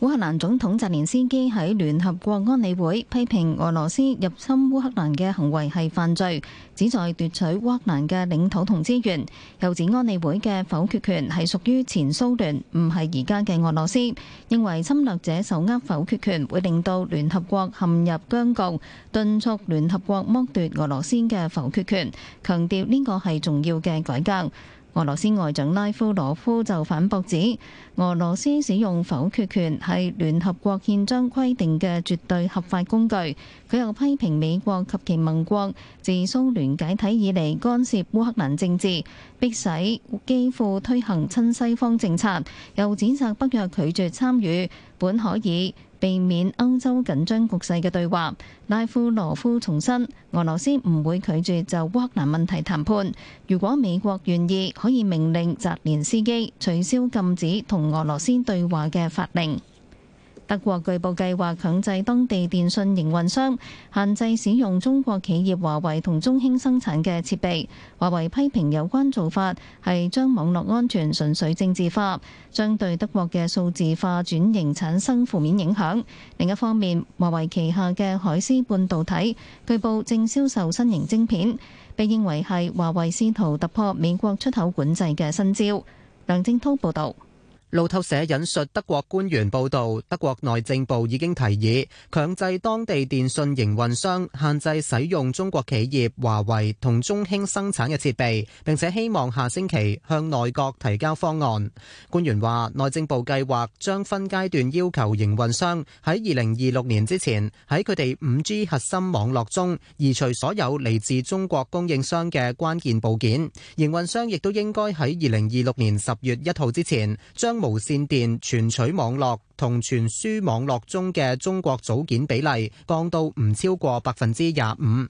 烏克蘭總統澤連斯基喺聯合國安理會批評俄羅斯入侵烏克蘭嘅行為係犯罪，旨在奪取烏克蘭嘅領土同資源。又指安理會嘅否決權係屬於前蘇聯，唔係而家嘅俄羅斯。認為侵略者手握否決權會令到聯合國陷入僵局，敦促聯合國剝奪俄羅斯嘅否決權，強調呢個係重要嘅改革。俄羅斯外長拉夫羅夫就反駁指，俄羅斯使用否決權係聯合國憲章規定嘅絕對合法工具。佢又批評美國及其盟國自蘇聯解體以嚟干涉烏克蘭政治，迫使基輔推行親西方政策，又指責北約拒絕參與，本可以避免歐洲緊張局勢嘅對話，拉夫羅夫重申俄羅斯唔會拒絕就烏克蘭問題談判。如果美國願意，可以命令澤連斯基取消禁止同俄羅斯對話嘅法令。德國據報計劃強制當地電信營運商限制使用中國企業華為同中興生產嘅設備。華為批評有關做法係將網絡安全純粹政治化，將對德國嘅數字化轉型產生負面影響。另一方面，華為旗下嘅海思半導體據報正銷售新型晶片，被認為係華為試圖突破美國出口管制嘅新招。梁正滔報道。路透社引述德國官員報道，德國內政部已經提議強制當地電信營運商限制使用中國企業華為同中興生產嘅設備，並且希望下星期向內閣提交方案。官員話，內政部計劃將分階段要求營運商喺二零二六年之前喺佢哋五 G 核心網絡中移除所有嚟自中國供應商嘅關鍵部件。營運商亦都應該喺二零二六年十月一號之前將無線電傳取網絡，同傳輸網絡中嘅中國組件比例降到唔超過百分之廿五。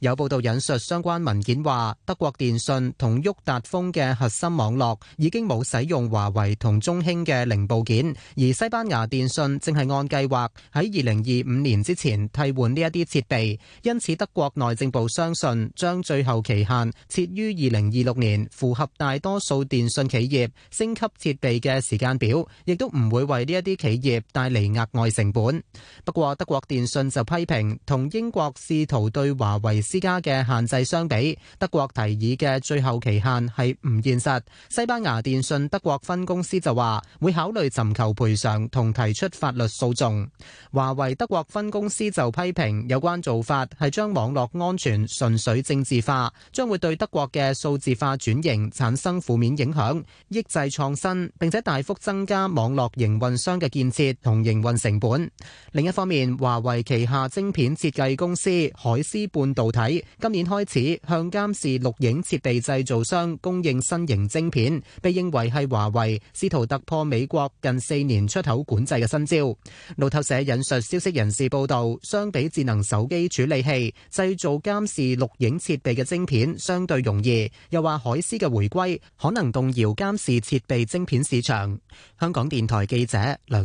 有報道引述相關文件話，德國電信同沃達豐嘅核心網絡已經冇使用華為同中興嘅零部件，而西班牙電信正係按計劃喺二零二五年之前替換呢一啲設備。因此，德國內政部相信將最後期限設於二零二六年，符合大多數電信企業升級設備嘅時間表，亦都唔會為呢一啲企。企業帶嚟額外成本。不過德國電信就批評，同英國試圖對華為施加嘅限制相比，德國提議嘅最後期限係唔現實。西班牙電信德國分公司就話會考慮尋求賠償同提出法律訴訟。華為德國分公司就批評有關做法係將網絡安全純粹政治化，將會對德國嘅數字化轉型產生負面影響，抑制創新，並且大幅增加網絡營運商嘅建。建設同營運成本。另一方面，華為旗下晶片設計公司海思半導體今年開始向監視錄影設備製造商供應新型晶片，被認為係華為試圖突破美國近四年出口管制嘅新招。路透社引述消息人士報道，相比智能手機處理器製造監視錄影設備嘅晶片相對容易，又話海思嘅回歸可能動搖監視設備晶片市場。香港電台記者梁。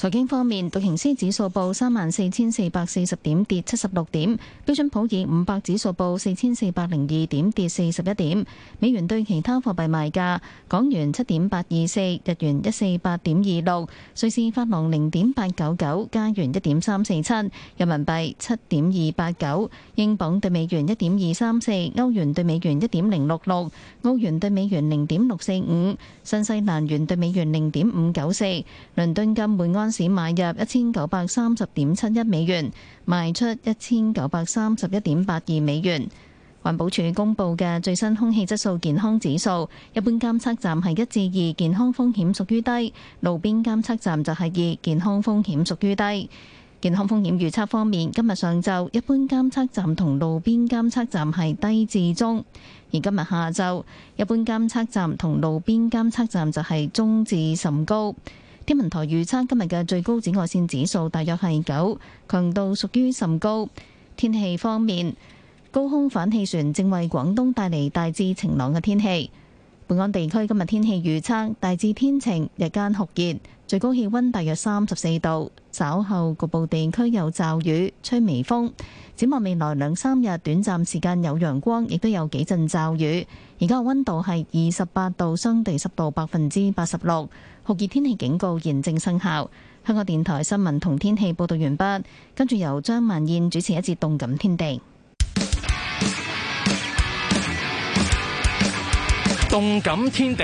財經方面，道瓊斯指數報三萬四千四百四十點，跌七十六點；標準普普爾五百指數報四千四百零二點，跌四十一點。美元對其他貨幣賣價：港元七點八二四，日元一四八點二六，瑞士法郎零點八九九，加元一點三四七，人民幣七點二八九，英鎊對美元一點二三四，歐元對美元一點零六六，澳元對美元零點六四五，新西蘭元對美元零點五九四。倫敦金每安市買入一千九百三十點七一美元，賣出一千九百三十一點八二美元。環保署公布嘅最新空氣質素健康指數，一般監測站係一至二，健康風險屬於低；路邊監測站就係二，健康風險屬於低。健康風險預測方面，今日上晝一般監測站同路邊監測站係低至中，而今日下晝一般監測站同路邊監測站就係中至甚高。天文台預測今日嘅最高紫外線指數大約係九，強度屬於甚高。天氣方面，高空反氣旋正為廣東帶嚟大致晴朗嘅天氣。本港地區今日天氣預測大致天晴，日間酷熱，最高氣溫大約三十四度。稍後局部地區有驟雨，吹微風。展望未來兩三日，短暫時間有陽光，亦都有幾陣驟雨。而家嘅溫度係二十八度，相對濕度百分之八十六。酷熱天氣警告現正生效。香港電台新聞同天氣報道完畢，跟住由張萬燕主持一節《動感天地》。《動感天地》。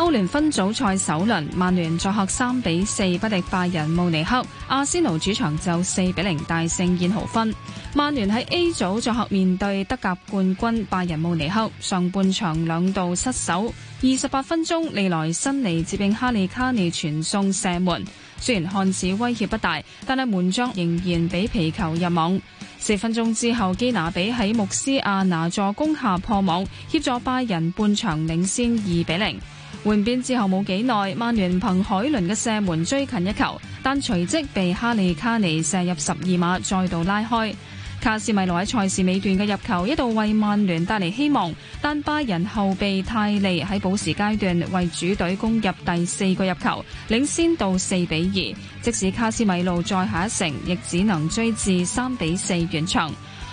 歐聯分組賽首輪，曼聯作客三比四不敵拜仁慕尼黑。阿仙奴主場就四比零大勝燕豪芬。曼聯喺 A 組作客面對德甲冠軍拜仁慕尼黑，上半場兩度失守。二十八分鐘，利萊辛尼接應哈利卡尼傳送射門，雖然看似威脅不大，但係門將仍然俾皮球入網。四分鐘之後，基拿比喺穆斯亞拿助攻下破網，協助拜仁半場領先二比零。換邊之後冇幾耐，曼聯憑海倫嘅射門追近一球，但隨即被哈利卡尼射入十二碼，再度拉開。卡斯米路喺賽事尾段嘅入球一度為曼聯帶嚟希望，但拜仁後備泰利喺補時階段為主隊攻入第四個入球，領先到四比二。即使卡斯米路再下一城，亦只能追至三比四完場。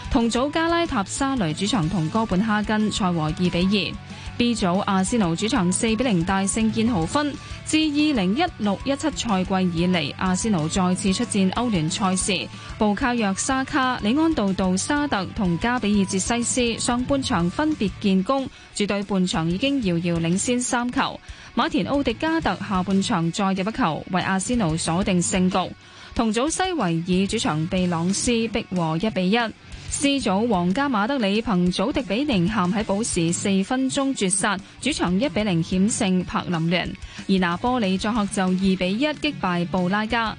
同組加拉塔沙雷主場同哥本哈根賽和二比二。B 組阿仙奴主場四比零大勝燕豪芬。自二零一六一七賽季以嚟，阿仙奴再次出戰歐聯賽事，布卡約沙卡、里安度、杜沙特同加比爾捷西斯，上半場分別建功，主隊半場已經遙遙領先三球。馬田奧迪加特下半場再入一球，為阿仙奴鎖定勝局。同組西維爾主場被朗斯逼和一比一。C 組皇家馬德里憑祖迪比寧咸喺補時四分鐘絕殺，主場一比零險勝柏林聯；而拿波里作客就二比一擊敗布拉加。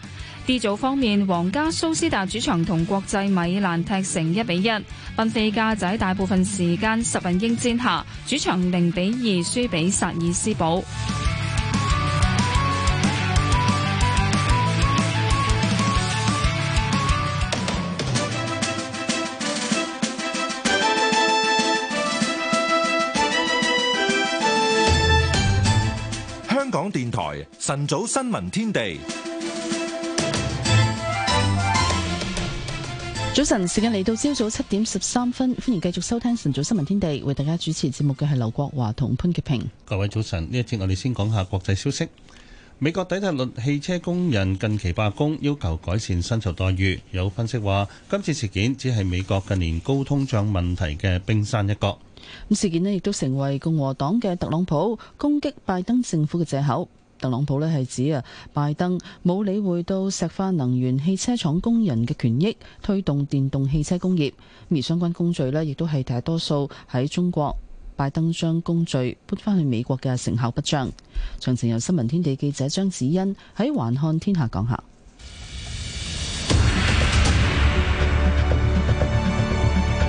D 組方面，皇家蘇斯達主場同國際米蘭踢成一比一，本菲加就喺大部分時間十人應戰下，主場零比二輸俾薩爾斯堡。晨早新聞天地，早晨時間嚟到，朝早七點十三分，歡迎繼續收聽晨早新聞天地。為大家主持節目嘅係劉國華同潘潔平。各位早晨，呢一節我哋先講下國際消息。美國底特律汽車工人近期罷工，要求改善薪酬待遇。有分析話，今次事件只係美國近年高通脹問題嘅冰山一角。咁事件咧，亦都成為共和黨嘅特朗普攻擊拜登政府嘅借口。特朗普呢，係指啊，拜登冇理會到石化能源、汽車廠工人嘅權益，推動電動汽車工業，而相關工序呢亦都係大多數喺中國，拜登將工序搬翻去美國嘅成效不彰。詳情由新聞天地記者張子欣喺《環看天下》講下，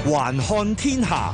《環看天下》。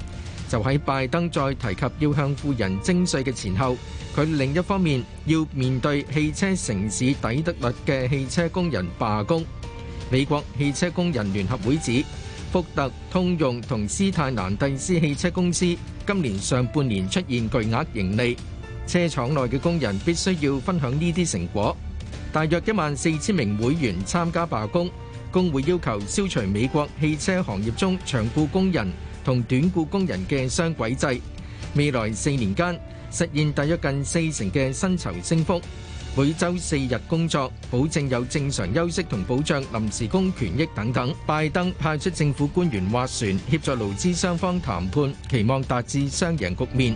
就喺拜登再提及要向富人徵稅嘅前後，佢另一方面要面對汽車城市底特律嘅汽車工人罷工。美國汽車工人聯合會指，福特、通用同斯泰蘭蒂斯汽車公司今年上半年出現巨額盈利，車廠內嘅工人必須要分享呢啲成果。大約一萬四千名會員參加罷工，工會要求消除美國汽車行業中長雇工人同短雇工人嘅雙軌制，未來四年間，實現大約近四成嘅薪酬升幅，每周四日工作，保證有正常休息同保障臨時工權益等等。拜登派出政府官員劃船，協助勞資雙方談判，期望達至雙贏局面。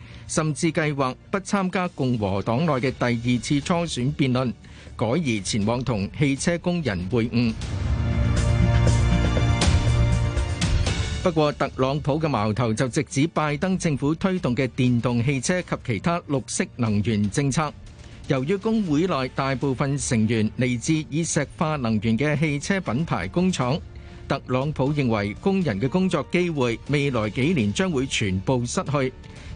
甚至計劃不參加共和黨內嘅第二次初選辯論，改而前往同汽車工人會晤。不過，特朗普嘅矛頭就直指拜登政府推動嘅電動汽車及其他綠色能源政策。由於工會內大部分成員嚟自以石化能源嘅汽車品牌工廠，特朗普認為工人嘅工作機會未來幾年將會全部失去。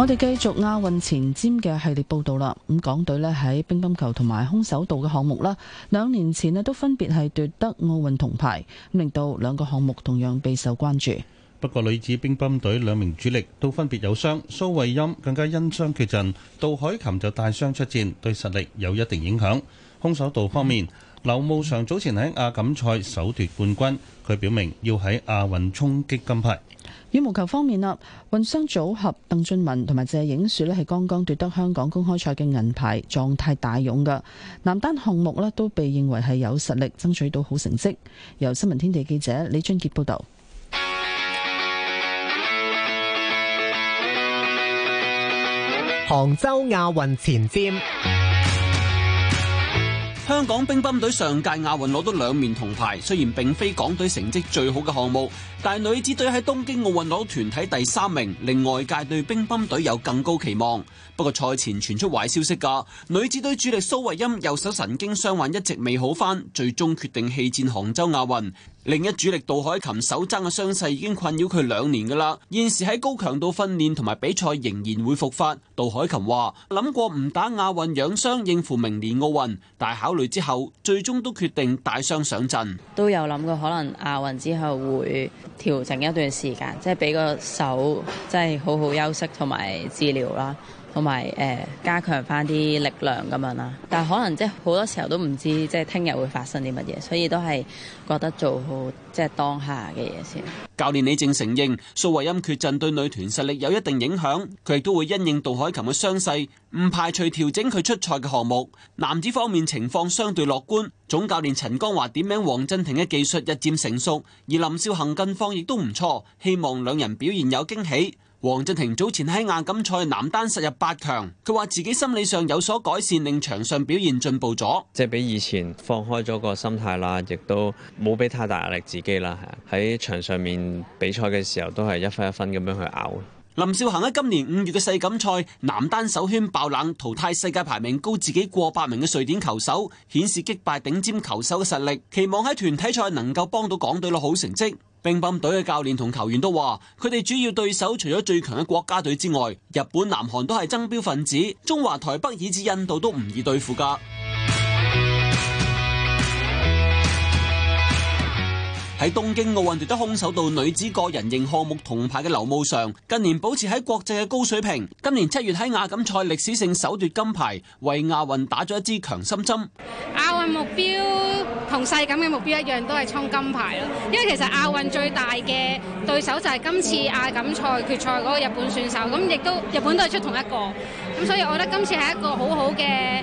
我哋繼續亞運前瞻嘅系列報道啦。咁港隊咧喺乒乓球同埋空手道嘅項目啦，兩年前咧都分別係奪得奧運銅牌，令到兩個項目同樣備受關注。不過女子乒乓隊兩名主力都分別有傷，蘇慧音更加因傷缺陣，杜凱琹就帶傷出戰，對實力有一定影響。空手道方面，劉慕裳早前喺亞錦賽首奪冠軍，佢表明要喺亞運衝擊金牌。羽毛球方面啦，混雙組合鄧俊文同埋謝影雪咧，係剛剛奪得香港公開賽嘅銀牌，狀態大勇噶。男單項目咧，都被認為係有實力爭取到好成績。由新聞天地記者李俊杰報道。杭州亞運前瞻。香港乒乓隊上屆亞運攞到兩面銅牌，雖然並非港隊成績最好嘅項目，但女子隊喺東京奧運攞到團體第三名，令外界對乒乓隊有更高期望。不過賽前傳出壞消息噶，女子隊主力蘇慧音右手神經傷患一直未好翻，最終決定棄戰杭州亞運。另一主力杜凱琹手踭嘅傷勢已經困擾佢兩年噶啦，現時喺高強度訓練同埋比賽仍然會復發。杜凱琹話諗過唔打亞運養傷應付明年奧運，但考慮之後，最終都決定帶傷上陣。都有諗過可能亞運之後會調整一段時間，即係俾個手真係好好休息同埋治療啦。同埋誒加強翻啲力量咁樣啦，但係可能即係好多時候都唔知即係聽日會發生啲乜嘢，所以都係覺得做好即係當下嘅嘢先。教練李靜承認蘇慧欣缺陣對女團實力有一定影響，佢亦都會因應杜海琴嘅傷勢，唔排除調整佢出賽嘅項目。男子方面情況相對樂觀，總教練陳江華點名黃振廷嘅技術日漸成熟，而林少恒近況亦都唔錯，希望兩人表現有驚喜。王振廷早前喺亞錦賽男單殺入八強，佢話自己心理上有所改善，令場上表現進步咗。即係比以前放開咗個心態啦，亦都冇俾太大壓力自己啦。喺場上面比賽嘅時候，都係一分一分咁樣去咬。林少恒喺今年五月嘅世錦賽男單首圈爆冷淘汰世界排名高自己過百名嘅瑞典球手，顯示擊敗頂尖球手嘅實力。期望喺團體賽能夠幫到港隊攞好成績。乒乓隊嘅教練同球員都話，佢哋主要對手除咗最強嘅國家隊之外，日本、南韓都係爭標分子，中華台北以至印度都唔易對付噶。喺 [music] 東京奧運奪得空手道女子個人型項目銅牌嘅劉慕裳，近年保持喺國際嘅高水平，今年七月喺亞錦賽歷史性首奪金牌，為亞運打咗一支強心針。亞運目標。同世錦嘅目標一樣，都係衝金牌咯。因為其實亞運最大嘅對手就係今次亞錦賽決賽嗰個日本選手，咁亦都日本都係出同一個，咁所以我覺得今次係一個好好嘅。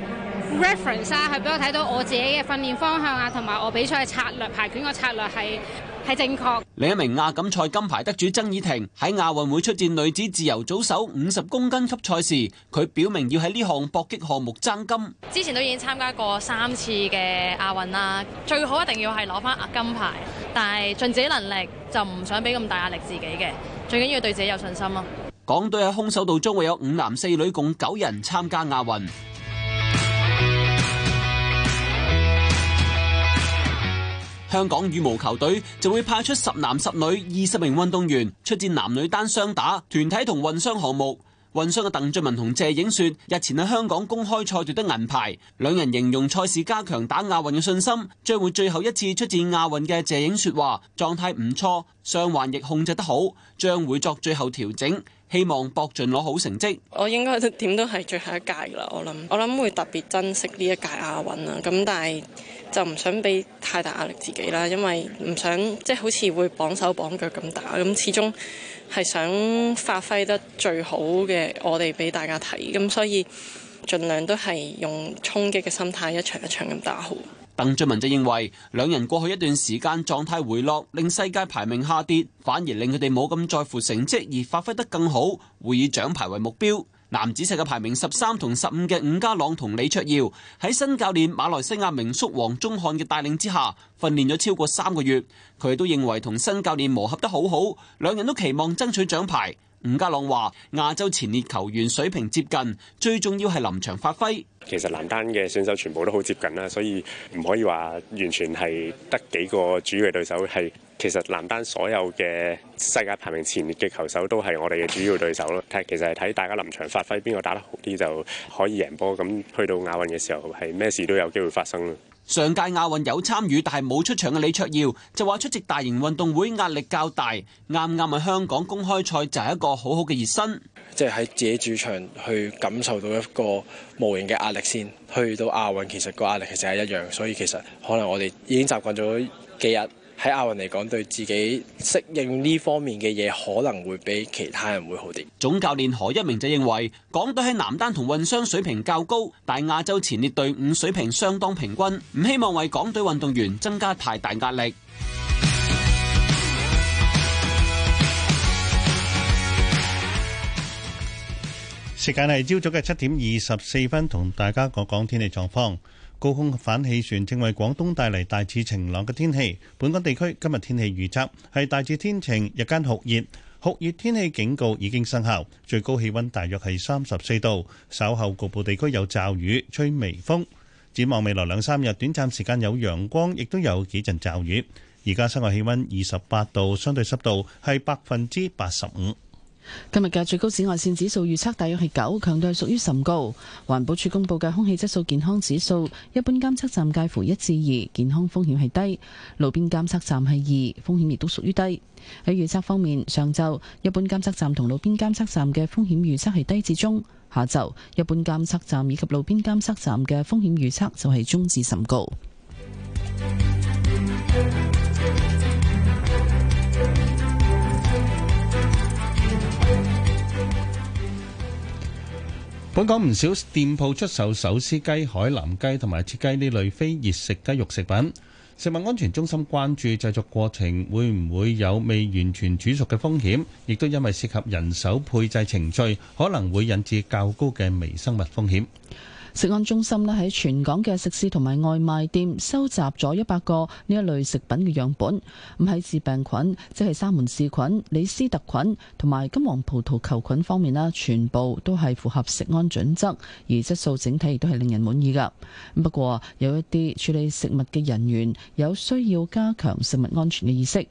reference 啊，係俾我睇到我自己嘅訓練方向啊，同埋我比賽嘅策略排拳嘅策略係係正確。另一名亞錦賽金牌得主曾倚婷喺亞運會出戰女子自由組手五十公斤級賽時，佢表明要喺呢項搏擊項目爭金。之前都已經參加過三次嘅亞運啦，最好一定要係攞翻亞金牌。但係盡自己能力就唔想俾咁大壓力自己嘅，最緊要對自己有信心咯。港隊喺空手道中會有五男四女共九人參加亞運。香港羽毛球隊就會派出十男十女二十名運動員出戰男女單雙打、團體同混雙項目。混雙嘅鄧俊文同謝影雪日前喺香港公開賽奪得銀牌，兩人形容賽事加強打亞運嘅信心，將會最後一次出戰亞運嘅謝影雪話：狀態唔錯，傷患亦控制得好，將會作最後調整。希望博盡攞好成績。我應該都點都係最後一屆啦。我諗我諗會特別珍惜呢一屆亞運啦。咁但係就唔想俾太大壓力自己啦，因為唔想即係、就是、好似會綁手綁腳咁打。咁始終係想發揮得最好嘅我哋俾大家睇。咁所以盡量都係用衝擊嘅心態一場一場咁打好。鄧俊文就認為，兩人過去一段時間狀態回落，令世界排名下跌，反而令佢哋冇咁在乎成績而發揮得更好，會以獎牌為目標。男子世界排名十三同十五嘅伍家朗同李卓耀，喺新教練馬來西亞名宿黃宗漢嘅帶領之下，訓練咗超過三個月，佢都認為同新教練磨合得好好，兩人都期望爭取獎牌。伍家朗話：亞洲前列球員水平接近，最重要係臨場發揮。其實男單嘅選手全部都好接近啦，所以唔可以話完全係得幾個主要對手。係其實男單所有嘅世界排名前列嘅球手都係我哋嘅主要對手咯。其實係睇大家臨場發揮，邊個打得好啲就可以贏波。咁去到亞運嘅時候，係咩事都有機會發生。上屆亞運有參與但係冇出場嘅李卓耀就話出席大型運動會壓力較大，啱啱喺香港公開賽就係一個好好嘅熱身，即係喺自己主場去感受到一個無形嘅壓力先。去到亞運其實個壓力其實係一樣，所以其實可能我哋已經習慣咗幾日。喺亞運嚟講，對自己適應呢方面嘅嘢，可能會比其他人會好啲。總教練何一鳴就認為，港隊喺男單同混雙水平較高，但亞洲前列隊伍水平相當平均，唔希望為港隊運動員增加太大壓力。時間係朝早嘅七點二十四分，同大家講講天氣狀況。高空反氣旋正為廣東帶嚟大致晴朗嘅天氣。本港地區今日天氣預測係大致天晴，日間酷熱，酷熱天氣警告已經生效，最高氣溫大約係三十四度。稍後局部地區有驟雨，吹微風。展望未來兩三日，短暫時間有陽光，亦都有幾陣驟雨。而家室外氣溫二十八度，相對濕度係百分之八十五。今日嘅最高紫外線指數預測大約係九，強度係屬於甚高。環保署公布嘅空氣質素健康指數，一般監測站介乎一至二，健康風險係低；路邊監測站係二，風險亦都屬於低。喺預測方面，上晝一般監測站同路邊監測站嘅風險預測係低至中；下晝一般監測站以及路邊監測站嘅風險預測就係中至甚高。本港唔少店鋪出售手撕雞海南雞同埋切雞呢類非熱食雞肉食品，食物安全中心關注製作過程會唔會有未完全煮熟嘅風險，亦都因為涉及人手配製程序，可能會引致較高嘅微生物風險。食安中心呢，喺全港嘅食肆同埋外賣店收集咗一百個呢一類食品嘅樣本，咁喺致病菌，即係沙門氏菌、李斯特菌同埋金黃葡萄球菌方面啦，全部都係符合食安準則，而質素整體亦都係令人滿意㗎。不過有一啲處理食物嘅人員有需要加強食物安全嘅意識。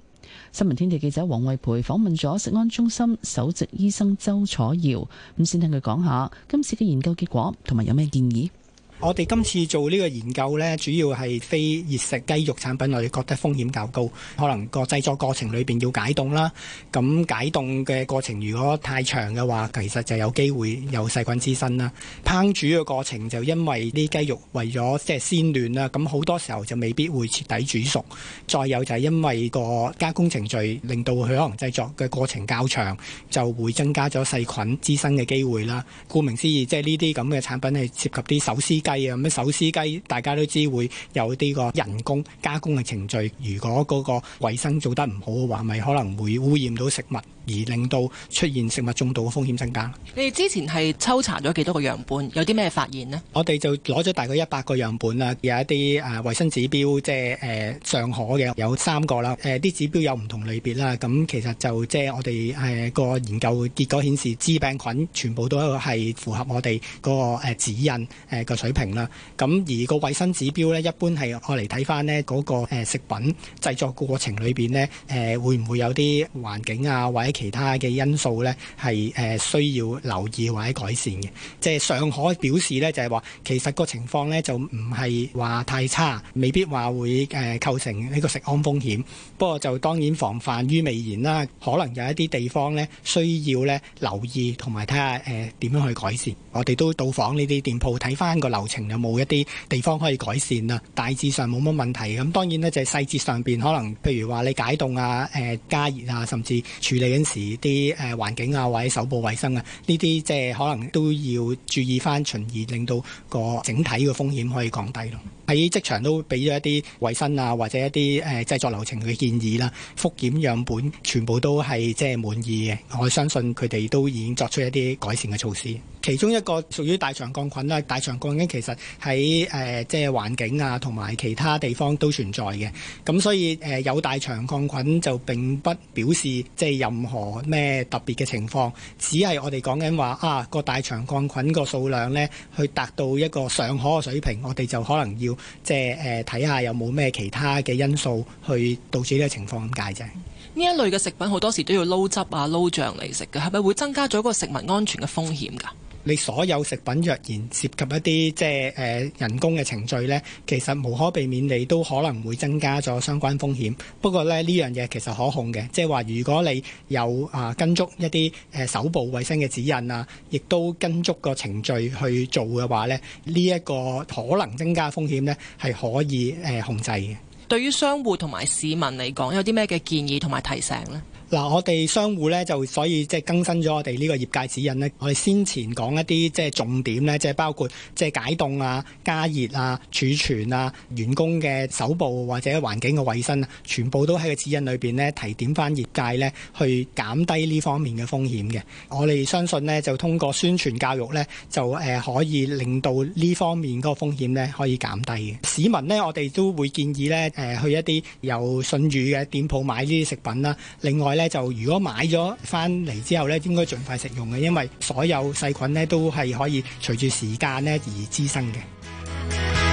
新聞天地記者黃慧培訪問咗食安中心首席醫生周楚耀，咁先聽佢講下今次嘅研究結果同埋有咩建議。我哋今次做呢個研究呢，主要係非熱食雞肉產品，我哋覺得風險較高。可能個製作過程裏邊要解凍啦，咁解凍嘅過程如果太長嘅話，其實就有機會有細菌滋生啦。烹煮嘅過程就因為啲雞肉為咗即係鮮嫩啦，咁好多時候就未必會徹底煮熟。再有就係因為個加工程序令到佢可能製作嘅過程較長，就會增加咗細菌滋生嘅機會啦。顧名思義，即係呢啲咁嘅產品係涉及啲手撕。雞啊，咩手撕雞，大家都知會有啲個人工加工嘅程序。如果個衛生做得唔好嘅話，咪可能會污染到食物。而令到出現食物中毒嘅風險增加。你哋之前係抽查咗幾多個樣本？有啲咩發現呢？我哋就攞咗大概一百個樣本啦，有一啲誒衞生指標，即係誒尚可嘅，有三個啦。誒、呃、啲指標有唔同類別啦。咁、啊、其實就即係我哋係、呃、個研究結果顯示，致病菌全部都係符合我哋個誒指引誒個水平啦。咁、啊、而個衞生指標咧，一般係我嚟睇翻呢嗰個食品製作過程裏邊呢，誒、呃、會唔會有啲環境啊或者？其他嘅因素咧，係誒需要留意或者改善嘅。即係上海表示咧，就係話其實個情況咧就唔係話太差，未必話會誒構成呢個食安風險。不過就當然防範於未然啦，可能有一啲地方咧需要咧留意，同埋睇下誒點樣去改善。我哋都到訪呢啲店鋪，睇翻個流程有冇一啲地方可以改善啊。大致上冇乜問題。咁當然咧就係細節上邊可能譬如話你解凍啊、誒加熱啊，甚至處理緊。時啲誒環境啊，或者手部衞生啊，呢啲即係可能都要注意返，循序令到個整體嘅風險可以降低咯。喺職場都俾咗一啲衞生啊，或者一啲誒製作流程嘅建議啦。複檢樣本全部都係即係滿意嘅，我相信佢哋都已經作出一啲改善嘅措施。其中一個屬於大腸桿菌啦，大腸桿菌其實喺誒、呃、即係環境啊，同埋其他地方都存在嘅。咁、嗯、所以誒、呃、有大腸桿菌就並不表示即係任何咩特別嘅情況，只係我哋講緊話啊個大腸桿菌個數量呢，去達到一個尚可嘅水平，我哋就可能要即係誒睇下有冇咩其他嘅因素去導致呢個情況咁解啫。呢一類嘅食品好多時都要撈汁啊撈醬嚟食嘅，係咪會增加咗個食物安全嘅風險㗎？你所有食品若然涉及一啲即係誒人工嘅程序咧，其實無可避免你，你都可能會增加咗相關風險。不過咧，呢樣嘢其實可控嘅，即係話如果你有啊、呃、跟足一啲誒、呃、手部衛生嘅指引啊，亦都跟足個程序去做嘅話咧，呢、這、一個可能增加風險咧係可以誒、呃、控制嘅。對於商戶同埋市民嚟講，有啲咩嘅建議同埋提醒咧？嗱，我哋商戶咧就所以即係更新咗我哋呢個業界指引咧，我哋先前講一啲即係重點咧，即係包括即係解凍啊、加熱啊、儲存啊、員工嘅手部或者環境嘅衛生啊，全部都喺個指引裏邊咧提點翻業界咧，去減低呢方面嘅風險嘅。我哋相信咧，就通過宣傳教育咧，就誒可以令到呢方面嗰個風險咧可以減低嘅。市民咧，我哋都會建議咧誒去一啲有信譽嘅店鋪買呢啲食品啦。另外，咧就如果買咗翻嚟之後咧，應該盡快食用嘅，因為所有細菌咧都係可以隨住時間咧而滋生嘅。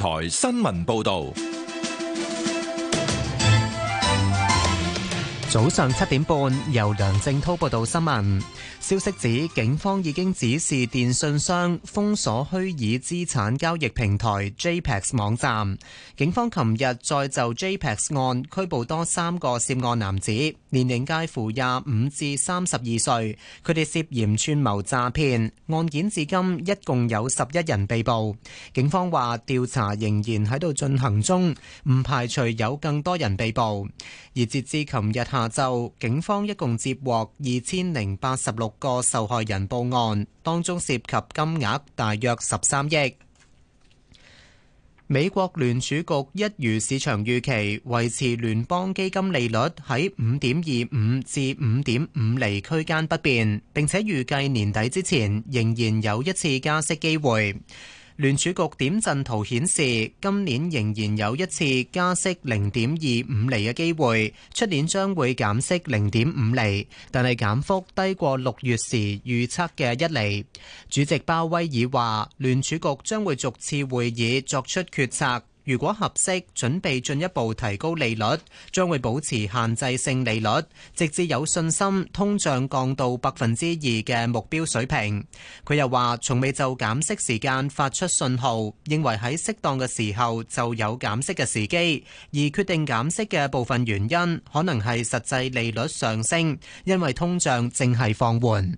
台新聞報導。早上七點半，由梁正濤報道新聞。消息指警方已經指示電信商封鎖虛擬資產交易平台 JPEX 網站。警方琴日再就 JPEX 案拘捕多三個涉案男子，年齡介乎廿五至三十二歲。佢哋涉嫌串謀詐騙。案件至今一共有十一人被捕。警方話調查仍然喺度進行中，唔排除有更多人被捕。而截至琴日下午。下晝，警方一共接獲二千零八十六個受害人報案，當中涉及金額大約十三億。美國聯儲局一如市場預期，維持聯邦基金利率喺五點二五至五點五厘區間不變，並且預計年底之前仍然有一次加息機會。聯儲局點陣圖顯示，今年仍然有一次加息零點二五厘嘅機會，出年將會減息零點五厘，但係減幅低過六月時預測嘅一厘。主席鮑威爾話：聯儲局將會逐次會議作出決策。如果合適，準備進一步提高利率，將會保持限制性利率，直至有信心通脹降到百分之二嘅目標水平。佢又話，從未就減息時間發出信號，認為喺適當嘅時候就有減息嘅時機，而決定減息嘅部分原因可能係實際利率上升，因為通脹正係放緩。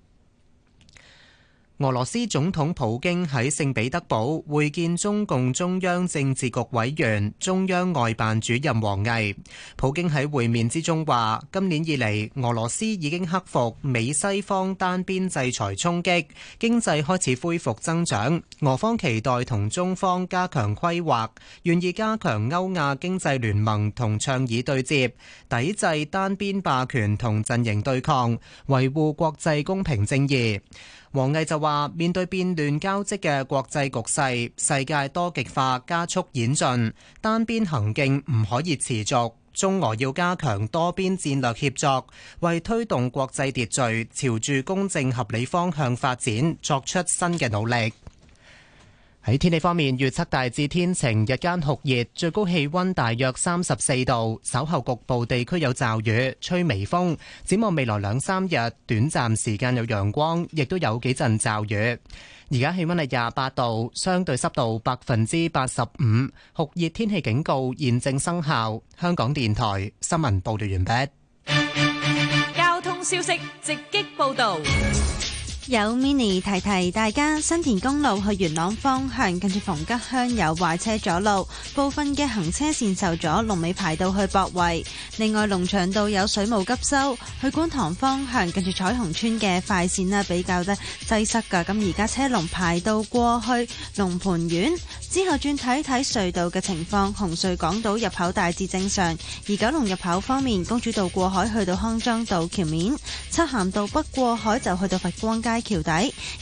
俄羅斯總統普京喺聖彼得堡會見中共中央政治局委員、中央外辦主任王毅。普京喺會面之中話：今年以嚟，俄羅斯已經克服美西方單邊制裁衝擊，經濟開始恢復增長。俄方期待同中方加強規劃，願意加強歐亞經濟聯盟同倡議對接，抵制單邊霸權同陣營對抗，維護國際公平正義。王毅就話：面對變亂交織嘅國際局勢，世界多極化加速演進，單邊行徑唔可以持續。中俄要加強多邊戰略協作，為推動國際秩序，朝住公正合理方向發展，作出新嘅努力。喺天氣方面，預測大致天晴，日間酷熱，最高氣溫大約三十四度，稍後局部地區有驟雨，吹微風。展望未來兩三日，短暫時間有陽光，亦都有幾陣驟雨。而家氣溫係廿八度，相對濕度百分之八十五，酷熱天氣警告現正生效。香港電台新聞報道完畢。交通消息直擊報道。有 mini 提提大家，新田公路去元朗方向，近住逢吉鄉有壞車阻路，部分嘅行車線受阻，龍尾排到去博圍。另外，龍翔道有水務急修去觀塘方向，近住彩虹邨嘅快線啦，比較得擠塞噶。咁而家車龍排到過去龍蟠苑之後，轉睇睇隧道嘅情況，紅隧港島入口大致正常。而九龍入口方面，公主道過海去到康莊道橋面，漆咸道北過海就去到佛光街。街橋底，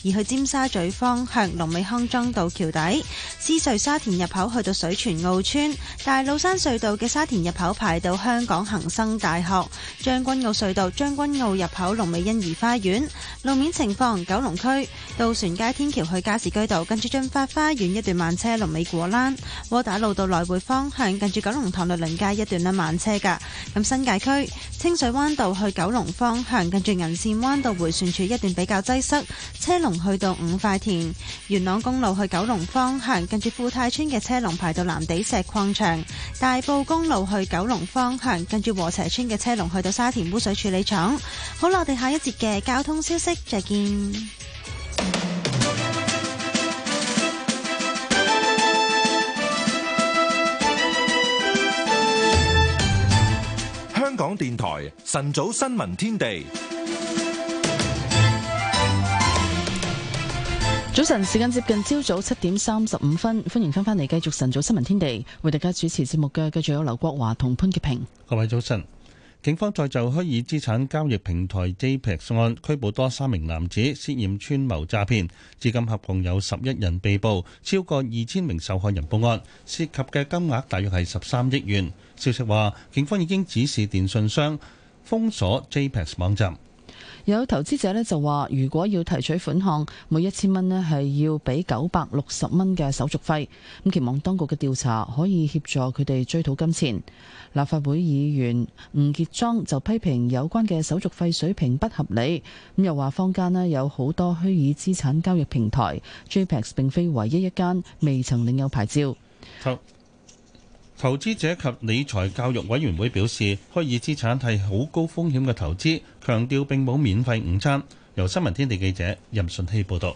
而去尖沙咀方向龍尾康莊道橋底，獅隧沙田入口去到水泉澳村，大老山隧道嘅沙田入口排到香港恒生大學，將軍澳隧道將軍澳入口龍尾欣怡花園路面情況，九龍區渡船街天橋去加士居道，跟住駿發花園一段慢車，龍尾果欄，窩打老道來回方向近住九龍塘律倫街一段咧慢車噶，咁新界區清水灣道去九龍方向近銀，近住銀線灣道回旋處一段比較擠。塞車龍去到五塊田，元朗公路去九龍方向，近住富泰村嘅車龍排到藍地石礦場；大埔公路去九龍方向，近住禾輋村嘅車龍去到沙田污水處理廠。好啦，我哋下一節嘅交通消息，再見。香港電台晨早新聞天地。早晨，時間接近朝早七點三十五分，歡迎翻返嚟繼續晨早新聞天地，為大家主持節目嘅繼續有劉國華同潘潔平。各位早晨，警方再就虛擬資產交易平台 JPEX 案拘捕多三名男子，涉嫌串謀詐騙，至今合共有十一人被捕，超過二千名受害人報案，涉及嘅金額大約係十三億元。消息話，警方已經指示電訊商封鎖 JPEX 網站。有投資者咧就話：如果要提取款項，每一千蚊咧係要俾九百六十蚊嘅手續費。咁期望當局嘅調查可以協助佢哋追討金錢。立法會議員吳傑莊就批評有關嘅手續費水平不合理。咁又話坊間咧有好多虛擬資產交易平台，JPEX 並非唯一一間未曾領有牌照。好投資者及理財教育委員會表示，虛擬資產係好高風險嘅投資，強調並冇免費午餐。由新聞天地記者任順熙報道。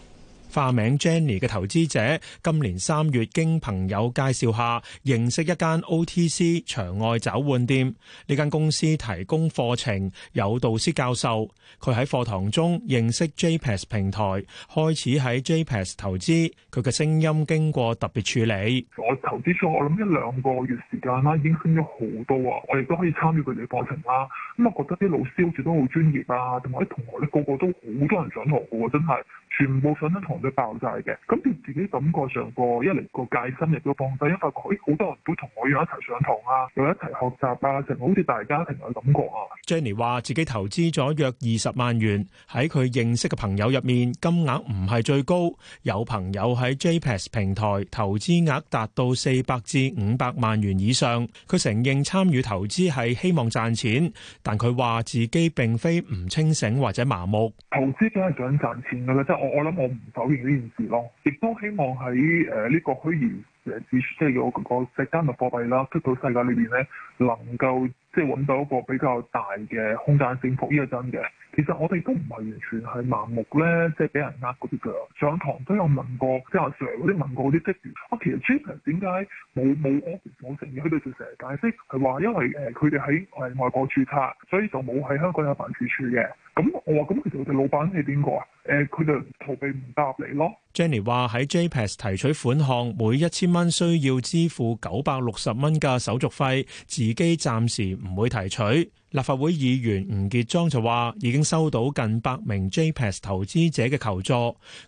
化名 Jenny 嘅投資者，今年三月經朋友介紹下認識一間 OTC 場外找換店。呢間公司提供課程，有導師教授。佢喺課堂中認識 JPEX 平台，開始喺 JPEX 投資。佢嘅聲音經過特別處理。我投資咗，我諗一兩個月時間啦，已經升咗好多啊！我亦都可以參與佢哋課程啦。咁啊，覺得啲老師好似都好專業啊，同埋啲同學咧個,個個都好多人想學嘅喎，真係。全部上咗堂都爆炸嘅，咁你自己感覺上個一嚟個戒心亦都降低，因為佢好多人都同我一樣一齊上堂啊，又一齊學習啊，成好似大家庭嘅感覺啊。Jenny 話自己投資咗約二十萬元，喺佢認識嘅朋友入面，金額唔係最高，有朋友喺 JPEX 平台投資額達到四百至五百萬元以上。佢承認參與投資係希望賺錢，但佢話自己並非唔清醒或者麻木。投資梗係想賺錢㗎啦，即係我我我諗我唔否認呢件事咯，亦都希望喺誒呢個虛擬誒即係、這個石貨幣、這個加密貨幣啦，出到世界裏面咧，能夠即係揾到一個比較大嘅空間升幅，呢、這個真嘅。其實我哋都唔係完全係盲目咧，即係俾人呃嗰啲㗎。上堂都有問過，即係阿 Sir 嗰啲問過嗰啲職員。我其實 Jepass 點解冇冇 office 冇成日喺度就成日解釋？佢話因為誒佢哋喺誒外國註冊，所以就冇喺香港有辦事處嘅。咁我話咁，其實我哋老闆係邊個啊？誒，佢就逃避唔答你咯。Jenny 話喺 Jepass 提取款項，每一千蚊需要支付九百六十蚊嘅手續費，自己暫時唔會提取。立法會議員吳傑莊就話：已經收到近百名 JPEX 投資者嘅求助。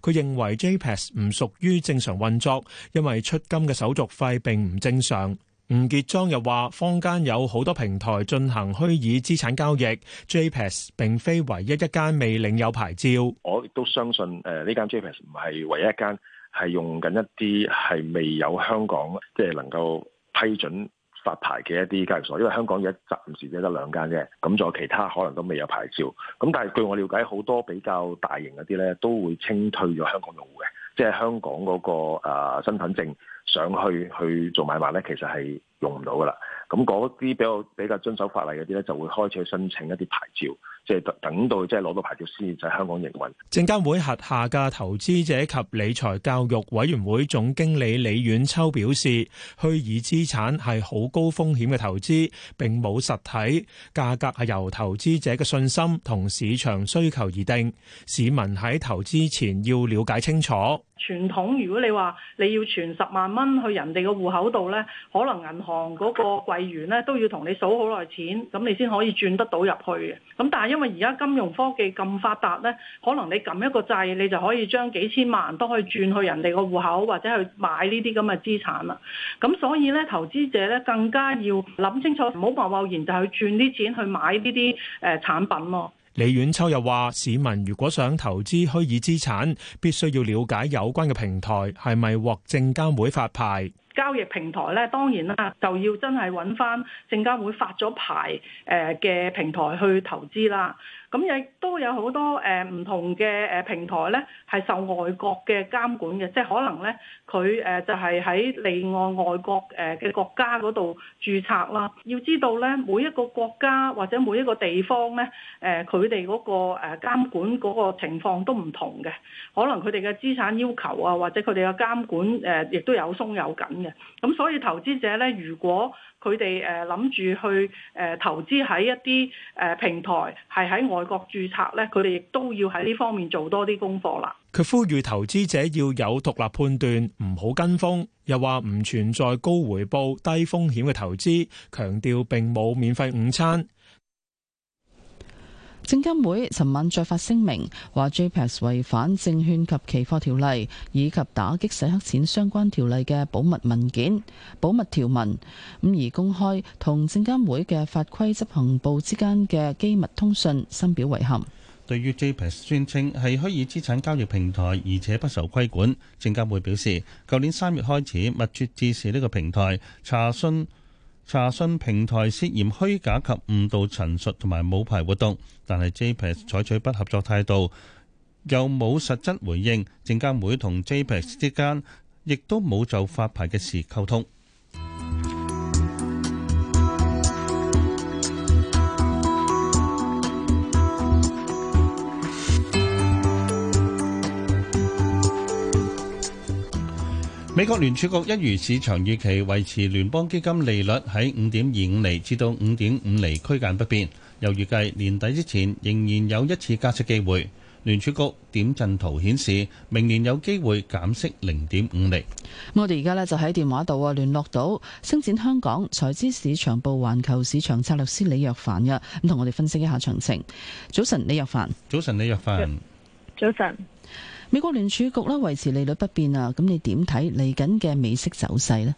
佢認為 JPEX 唔屬於正常運作，因為出金嘅手續費並唔正常。吳傑莊又話：坊間有好多平台進行虛擬資產交易，JPEX 並非唯一一間未領有牌照。我亦都相信誒呢間 JPEX 唔係唯一一間係用緊一啲係未有香港即係能夠批准。發牌嘅一啲交易所，因為香港而家暫時只得兩間啫，咁仲有其他可能都未有牌照。咁但係據我了解，好多比較大型嗰啲咧，都會清退咗香港用戶嘅，即係香港嗰個、呃、身份證上去去做買賣咧，其實係用唔到噶啦。咁嗰啲比較比較遵守法例嗰啲咧，就會開始去申請一啲牌照。即係等到即係攞到牌照先，就香港營運。證監會轄下嘅投資者及理財教育委員會總經理李遠秋表示，虛擬資產係好高風險嘅投資，並冇實體，價格係由投資者嘅信心同市場需求而定。市民喺投資前要了解清楚。傳統，如果你話你要存十萬蚊去人哋嘅戶口度咧，可能銀行嗰個櫃員咧都要同你數好耐錢，咁你先可以轉得到入去嘅。咁但係。因因為而家金融科技咁發達呢，可能你撳一個掣，你就可以將幾千萬都可以轉去人哋個戶口，或者去買呢啲咁嘅資產啦。咁所以呢，投資者咧更加要諗清楚，唔好貿貿然就去轉啲錢去買呢啲誒產品咯。李婉秋又話：，市民如果想投資虛擬資產，必須要了解有關嘅平台係咪獲證監會發牌。交易平台咧，當然啦，就要真係揾翻證監會發咗牌誒嘅平台去投資啦。咁亦都有好多誒唔同嘅誒平台咧，係受外國嘅監管嘅，即係可能咧佢誒就係喺離外外國誒嘅國家嗰度註冊啦。要知道咧，每一個國家或者每一個地方咧，誒佢哋嗰個誒監管嗰個情況都唔同嘅，可能佢哋嘅資產要求啊，或者佢哋嘅監管誒亦都有鬆有緊嘅。咁所以投資者咧，如果佢哋誒諗住去誒投資喺一啲誒平台，係喺外國註冊咧，佢哋亦都要喺呢方面做多啲功課啦。佢呼籲投資者要有獨立判斷，唔好跟風，又話唔存在高回報、低風險嘅投資，強調並冇免費午餐。證監會尋晚再發聲明，話 JPEX 違反證券及期貨條例以及打擊洗黑錢相關條例嘅保密文件、保密條文，咁而公開同證監會嘅法規執行部之間嘅機密通訊，深表遺憾。對於 JPEX 宣稱係虛擬資產交易平台，而且不受規管，證監會表示，舊年三月開始密切注視呢個平台，查詢，查詢平台涉嫌虛假及誤導陳述同埋冇牌活動，但係 JPEX 採取不合作態度，又冇實質回應，證監會同 JPEX 之間亦都冇就發牌嘅事溝通。美國聯儲局一如市場預期，維持聯邦基金利率喺五點二五厘至到五點五厘區間不變，又預計年底之前仍然有一次加息機會。聯儲局點陣圖顯示，明年有機會減息零點五厘。我哋而家呢，就喺電話度聯絡到星展香港財資市場部環球市場策略師李若凡嘅，咁同我哋分析一下詳情。早晨，李若凡。早晨，李若凡。早晨。美國聯儲局咧維持利率不變啊，咁你點睇嚟緊嘅美息走勢呢？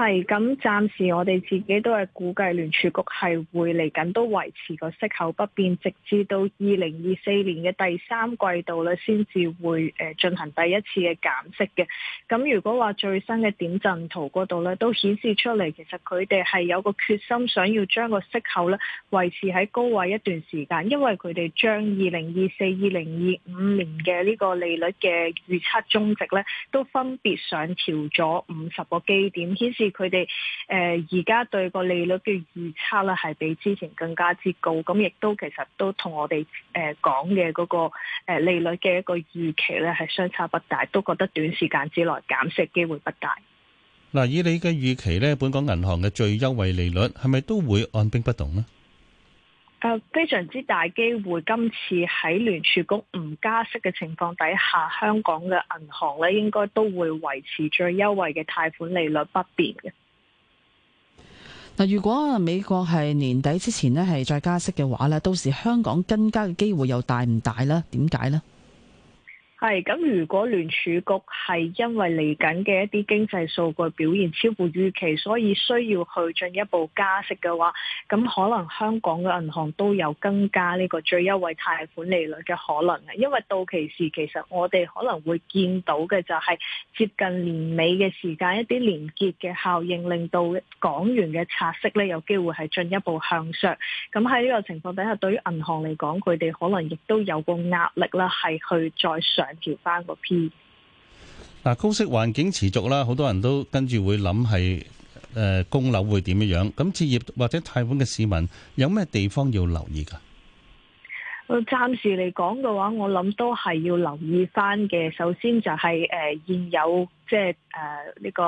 係，咁暫時我哋自己都係估計聯儲局係會嚟緊都維持個息口不變，直至到二零二四年嘅第三季度咧，先至會誒進行第一次嘅減息嘅。咁如果話最新嘅點陣圖嗰度咧，都顯示出嚟，其實佢哋係有個決心，想要將個息口咧維持喺高位一段時間，因為佢哋將二零二四、二零二五年嘅呢個利率嘅預測中值咧，都分別上調咗五十個基點，顯示，佢哋誒而家對個利率嘅預測啦，係比之前更加之高，咁亦都其實都同我哋誒講嘅嗰個誒利率嘅一個預期咧，係相差不大，都覺得短時間之內減息機會不大。嗱，以你嘅預期咧，本港銀行嘅最優惠利率係咪都會按兵不動呢？誒，非常之大機會，今次喺聯儲局唔加息嘅情況底下，香港嘅銀行咧應該都會維持最優惠嘅貸款利率不變嘅。嗱，如果美國係年底之前咧係再加息嘅話咧，到時香港跟加嘅機會又大唔大呢？點解呢？係，咁如果聯儲局係因為嚟緊嘅一啲經濟數據表現超乎預期，所以需要去進一步加息嘅話，咁可能香港嘅銀行都有增加呢個最優惠貸款利率嘅可能嘅。因為到期時，其實我哋可能會見到嘅就係接近年尾嘅時間，一啲連結嘅效應令到港元嘅拆息呢有機會係進一步向上。咁喺呢個情況底下，對於銀行嚟講，佢哋可能亦都有個壓力啦，係去再上。調翻個 P。嗱，嗯，高息環境持續啦，好多人都跟住會諗係誒供樓會點樣？咁置業或者貸款嘅市民有咩地方要留意㗎？誒，暫時嚟講嘅話，我諗都係要留意翻嘅。首先就係、是、誒、呃、現有即係誒呢個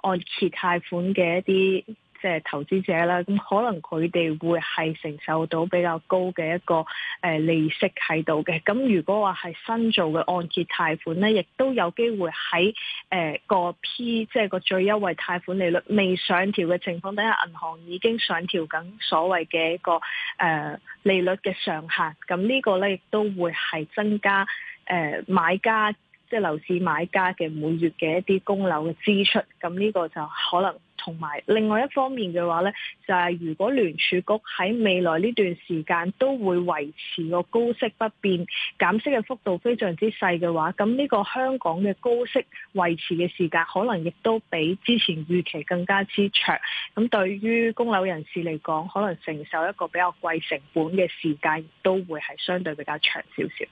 按揭貸款嘅一啲。即係投資者啦，咁可能佢哋會係承受到比較高嘅一個誒利息喺度嘅。咁如果話係新做嘅按揭貸款咧，亦都有機會喺誒個 P，即係個最優惠貸款利率未上調嘅情況，底下銀行已經上調緊所謂嘅一個誒、呃、利率嘅上限。咁呢個咧亦都會係增加誒、呃、買家，即、就、係、是、樓市買家嘅每月嘅一啲供樓嘅支出。咁呢個就可能。同埋另外一方面嘅話咧，就係如果聯儲局喺未來呢段時間都會維持個高息不變，減息嘅幅度非常之細嘅話，咁呢個香港嘅高息維持嘅時間可能亦都比之前預期更加之長，咁對於供樓人士嚟講可能承受一個比較貴成本嘅時間都會係相對比較長少少。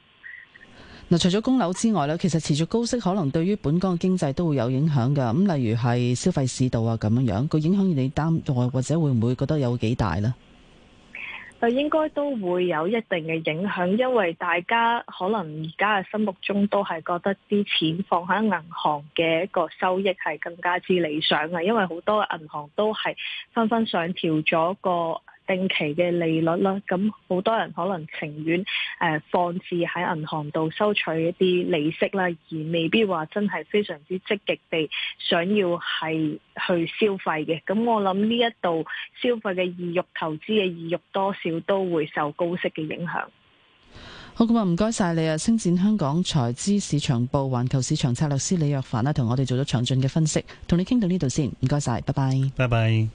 嗱，除咗供樓之外咧，其實持續高息可能對於本港嘅經濟都會有影響㗎。咁，例如係消費市道啊，咁樣樣，個影響你擔待或者會唔會覺得有幾大呢？啊，應該都會有一定嘅影響，因為大家可能而家嘅心目中都係覺得啲錢放喺銀行嘅一個收益係更加之理想嘅，因為好多銀行都係紛紛上調咗個定期嘅利率啦，咁好多人可能情願誒放置喺銀行度收取一啲利息啦，而未必話真係非常之積極地想要係去消費嘅。咁我諗呢一度消費嘅意欲、投資嘅意欲多少都會受高息嘅影響。好咁啊，唔該晒你啊，星展香港財資市場部環球市場策略師李若凡啦，同我哋做咗詳盡嘅分析，同你傾到呢度先，唔該晒，拜拜，拜拜。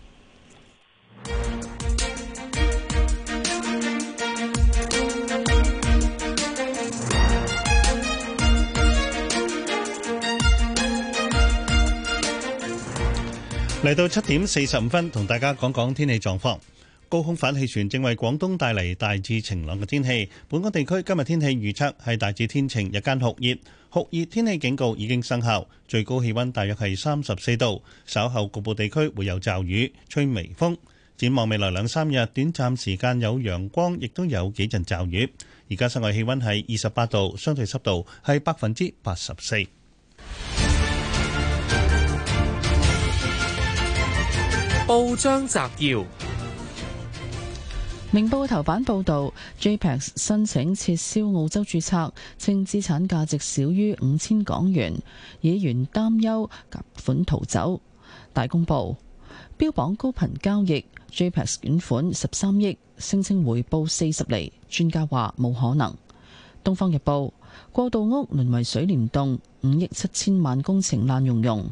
嚟到七點四十五分，同大家講講天氣狀況。高空反氣旋正為廣東帶嚟大致晴朗嘅天氣。本港地區今日天氣預測係大致天晴，日間酷熱，酷熱天氣警告已經生效，最高氣溫大約係三十四度。稍後局部地區會有驟雨，吹微風。展望未來兩三日，短暫時間有陽光，亦都有幾陣驟雨。而家室外氣溫係二十八度，相對濕度係百分之八十四。報章摘要：明報頭版報道，JPEX 申請撤銷澳洲註冊，稱資產價值少於五千港元。議員擔憂夾款逃走。大公報標榜高頻交易，JPEX 捲款十三億，聲稱回報四十厘。專家話冇可能。東方日報過渡屋淪為水簾洞，五億七千萬工程爛溶溶。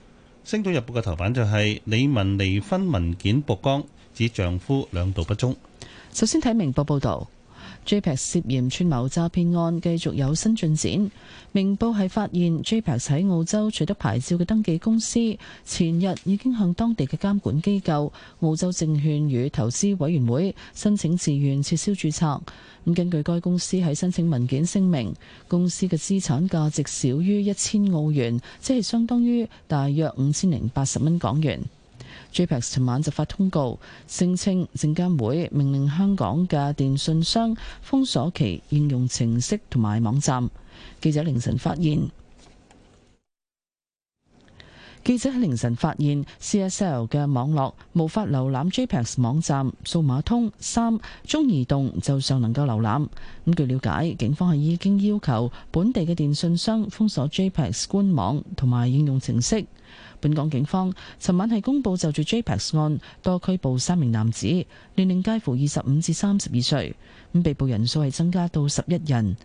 《星島日報》嘅頭版就係李玟離婚文件曝光，指丈夫兩度不忠。首先睇明報報道。JPEX 涉嫌串謀詐騙案繼續有新進展，明報係發現 JPEX 喺澳洲取得牌照嘅登記公司，前日已經向當地嘅監管機構澳洲證券與投資委員會申請自願撤銷註冊。咁根據該公司喺申請文件聲明，公司嘅資產價值少於一千澳元，即係相當於大約五千零八十蚊港元。JPEX 尋晚就發通告，聲稱證監會命令香港嘅電訊商封鎖其應用程式同埋網站。記者凌晨發現，記者喺凌晨發現 CSL 嘅網絡無法瀏覽 JPEX 網站，數碼通三中移動就尚能夠瀏覽。咁據了解，警方係已經要求本地嘅電訊商封鎖 JPEX 官網同埋應用程式。本港警方尋晚係公布就住 JPEX 案多拘捕三名男子，年齡介乎二十五至三十二歲，咁被捕人數係增加到十一人。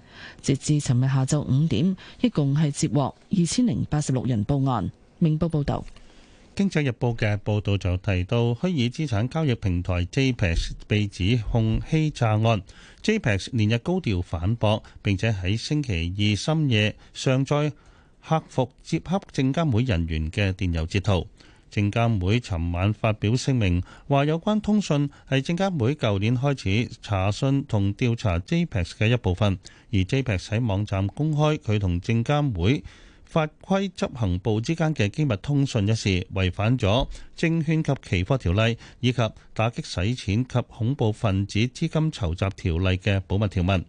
截至尋日下晝五點，一共係接獲二千零八十六人報案。明報報道，《經濟日報》嘅報道就提到，虛擬資產交易平台 JPEX 被指控欺詐案，JPEX 連日高調反駁，並且喺星期二深夜上載。客服接洽證監會人員嘅電郵截圖，證監會尋晚發表聲明，話有關通訊係證監會舊年開始查詢同調查 JPEX 嘅一部分，而 JPEX 喺網站公開佢同證監會法規執行部之間嘅機密通訊一事，違反咗證券及期貨條例以及打擊洗錢及恐怖分子資金籌集條例嘅保密條文。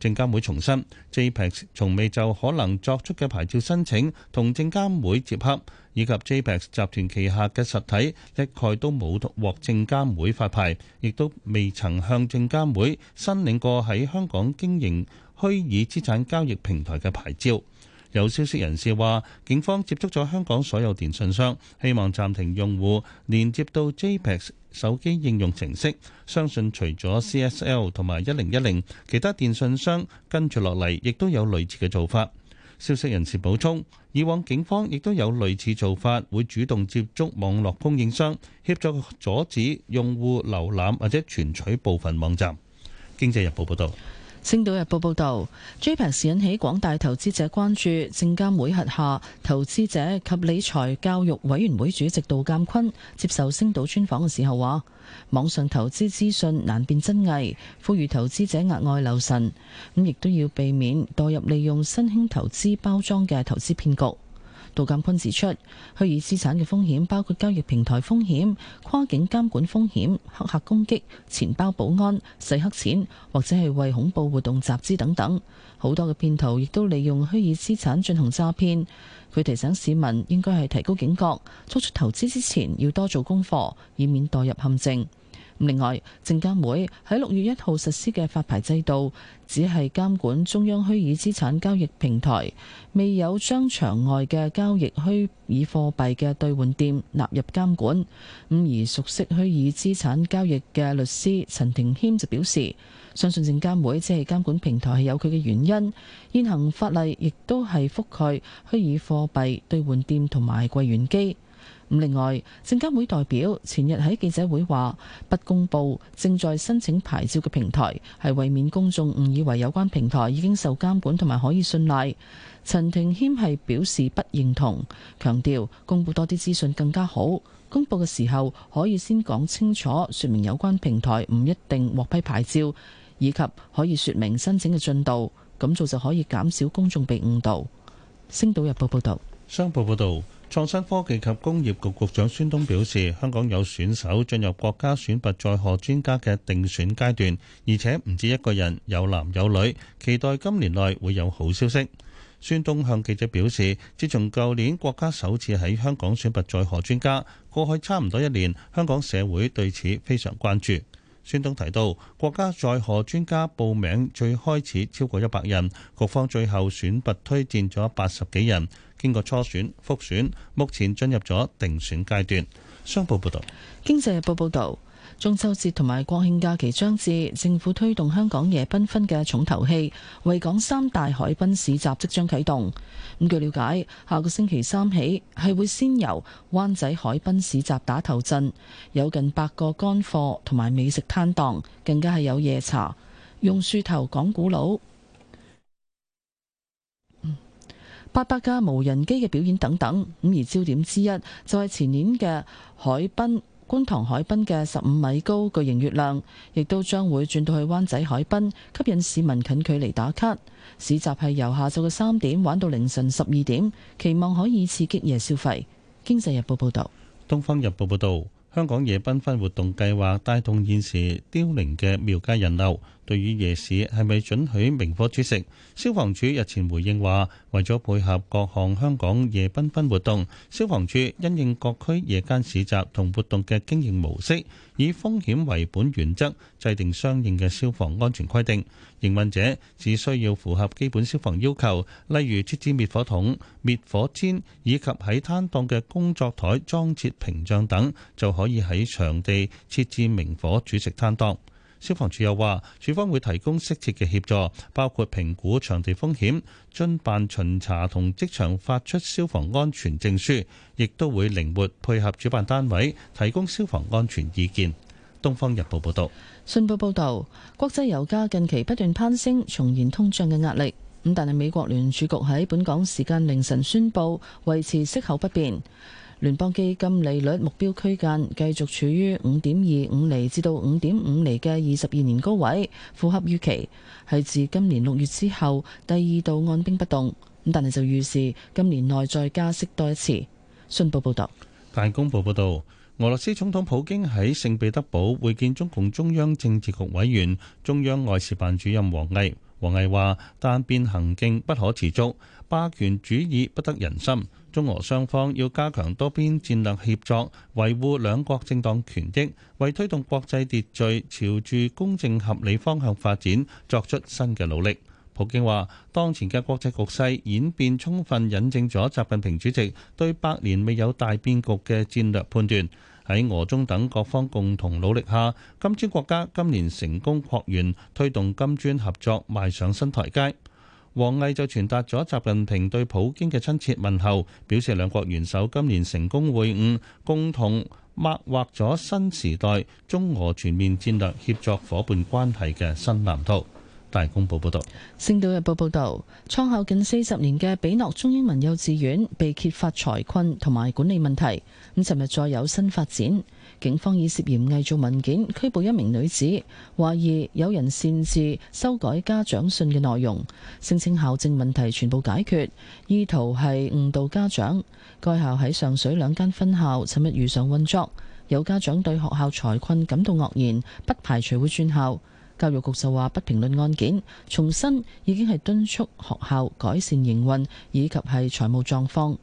證監會重申，JPEX 從未就可能作出嘅牌照申請同證監會接洽，以及 JPEX 集團旗下嘅實體，一概都冇獲證監會發牌，亦都未曾向證監會申領過喺香港經營虛擬資產交易平台嘅牌照。有消息人士話，警方接觸咗香港所有電信商，希望暫停用戶連接到 JPEX 手機應用程式。相信除咗 CSL 同埋一零一零，其他電信商跟住落嚟，亦都有類似嘅做法。消息人士補充，以往警方亦都有類似做法，會主動接觸網絡供應商，協助阻止用戶瀏覽或者存取部分網站。經濟日報報導。星島日報報道，JPEX 引起廣大投資者關注。證監會轄下投資者及理財教育委員會主席杜鑑坤接受星島專訪嘅時候話，網上投資資訊難辨真偽，呼籲投資者額外留神，咁亦都要避免墮入利用新興投資包裝嘅投資騙局。杜鑒坤指出，虛擬資產嘅風險包括交易平台風險，跨境監管風險，黑客攻擊，錢包保安洗黑錢或者係為恐怖活動集資等等。好多嘅騙徒亦都利用虛擬資產進行詐騙，佢提醒市民應該，係提高警覺作出投資之前要多做功課，以免墮入陷阱。另外，證監會喺六月一號實施嘅發牌制度，只係監管中央虛擬資產交易平台，未有將場外嘅交易虛擬貨幣嘅兌換店納入監管。咁而熟悉虛擬資產交易嘅律師陳庭謙就表示，相信證監會只係監管平台係有佢嘅原因，現行法例亦都係覆蓋虛擬貨幣兌換店同埋櫃員機。另外，證監會代表前日喺記者會話，不公佈正在申請牌照嘅平台，係為免公眾誤以為有關平台已經受監管同埋可以信賴。陳庭謙係表示不認同，強調公佈多啲資訊更加好。公佈嘅時候可以先講清楚，説明有關平台唔一定獲批牌照，以及可以説明申請嘅進度，咁做就可以減少公眾被誤導。星島日報報道。商報報導。創新科技及工業局局長孫東表示，香港有選手進入國家選拔載荷專家嘅定選階段，而且唔止一個人，有男有女，期待今年內會有好消息。孫東向記者表示，自從舊年國家首次喺香港選拔載荷專家，過去差唔多一年，香港社會對此非常關注。孫東提到，國家載荷專家報名最開始超過一百人，局方最後選拔推薦咗八十幾人。經過初選、複選，目前進入咗定選階段。商報報道，經濟日報報道，中秋節同埋國慶假期將至，政府推動香港夜繽紛嘅重頭戲，維港三大海濱市集即將啟動。咁據了解，下個星期三起係會先由灣仔海濱市集打頭陣，有近百個乾貨同埋美食攤檔，更加係有夜茶、用樹頭講古佬。八百架無人機嘅表演等等，咁而焦點之一就係前年嘅海濱觀塘海濱嘅十五米高巨型月亮，亦都將會轉到去灣仔海濱，吸引市民近距離打卡。市集係由下晝嘅三點玩到凌晨十二點，期望可以刺激夜消費。經濟日報報道，東方日報報道，香港夜繽紛活動計劃帶動現時凋零嘅廟街人流。對於夜市係咪准許明火煮食？消防處日前回應話，為咗配合各項香港夜繽紛活動，消防處因應各區夜間市集同活動嘅經營模式，以風險為本原則制定相應嘅消防安全規定。營運者只需要符合基本消防要求，例如設置滅火筒、滅火氈以及喺攤檔嘅工作台裝設屏障等，就可以喺場地設置明火煮食攤檔。消防處又話，處方會提供適切嘅協助，包括評估場地風險、進行巡查同即場發出消防安全證書，亦都會靈活配合主辦單位提供消防安全意見。《東方日報》報道，信報報道，國際油價近期不斷攀升，重現通脹嘅壓力。咁但係美國聯儲局喺本港時間凌晨宣佈維持息口不變。聯邦基金利率目標區間繼續處於5.25厘至到5.5厘嘅二十二年高位，符合預期，係自今年六月之後第二度按兵不動。咁但係就預示今年內再加息多一次。信報報道。大公報報道，俄羅斯總統普京喺聖彼得堡會見中共中央政治局委員、中央外事辦主任王毅。王毅話：單邊行徑不可持續。霸權主義不得人心，中俄雙方要加強多邊戰略協作，維護兩國正當權益，為推動國際秩序朝住公正合理方向發展作出新嘅努力。普京話：當前嘅國際局勢演變充分印證咗習近平主席對百年未有大變局嘅戰略判斷。喺俄中等各方共同努力下，金磚國家今年成功擴員，推動金磚合作邁上新台階。王毅就傳達咗習近平對普京嘅親切問候，表示兩國元首今年成功會晤，共同擘劃咗新時代中俄全面戰略協作夥伴關係嘅新藍圖。大公報報道，《星島日報》報道，創校近四十年嘅比諾中英文幼稚園被揭發財困同埋管理問題。咁尋日再有新發展，警方以涉嫌偽造文件拘捕一名女子，懷疑有人擅自修改家長信嘅內容，聲稱校政問題全部解決，意圖係誤導家長。該校喺上水兩間分校尋日如常運作，有家長對學校財困感到愕然，不排除會轉校。教育局就話不評論案件，重申已經係敦促學校改善營運以及係財務狀況。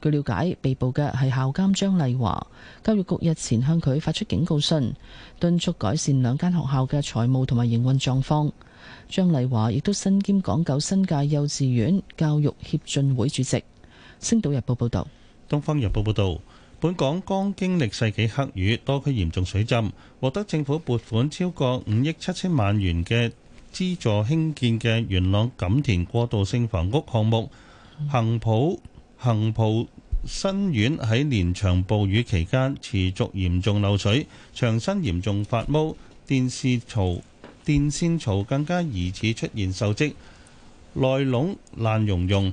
據了解，被捕嘅係校監張麗華，教育局日前向佢發出警告信，敦促改善兩間學校嘅財務同埋營運狀況。張麗華亦都身兼港九新界幼稚園教育協進會主席。星島日報報道。東方日報報道。本港剛經歷世紀黑雨，多區嚴重水浸，獲得政府撥款超過五億七千萬元嘅資助興建嘅元朗錦田過渡性房屋項目恒普恒蒲新苑，喺連場暴雨期間持續嚴重漏水，牆身嚴重發毛，電視槽、電線槽更加疑似出現鏽跡，內籠爛爛融融。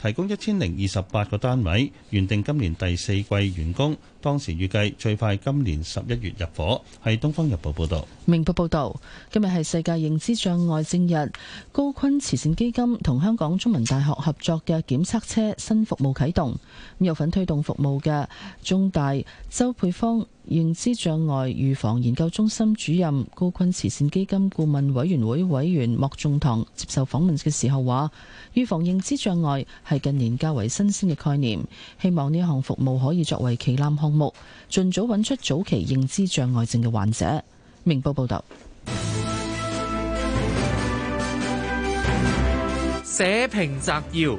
提供一千零二十八個單位，原定今年第四季完工，當時預計最快今年十一月入伙。係《東方日報》報道。明報報道，今日係世界認知障礙症日，高錕慈善基金同香港中文大學合作嘅檢測車新服務啟動。咁有份推動服務嘅中大周佩芳認知障礙預防研究中心主任、高錕慈善基金顧問委員會委員莫仲棠接受訪問嘅時候話，預防認知障礙，係近年較為新鮮嘅概念，希望呢項服務可以作為旗艦項目，盡早搵出早期認知障礙症嘅患者。明報報道。社評摘要。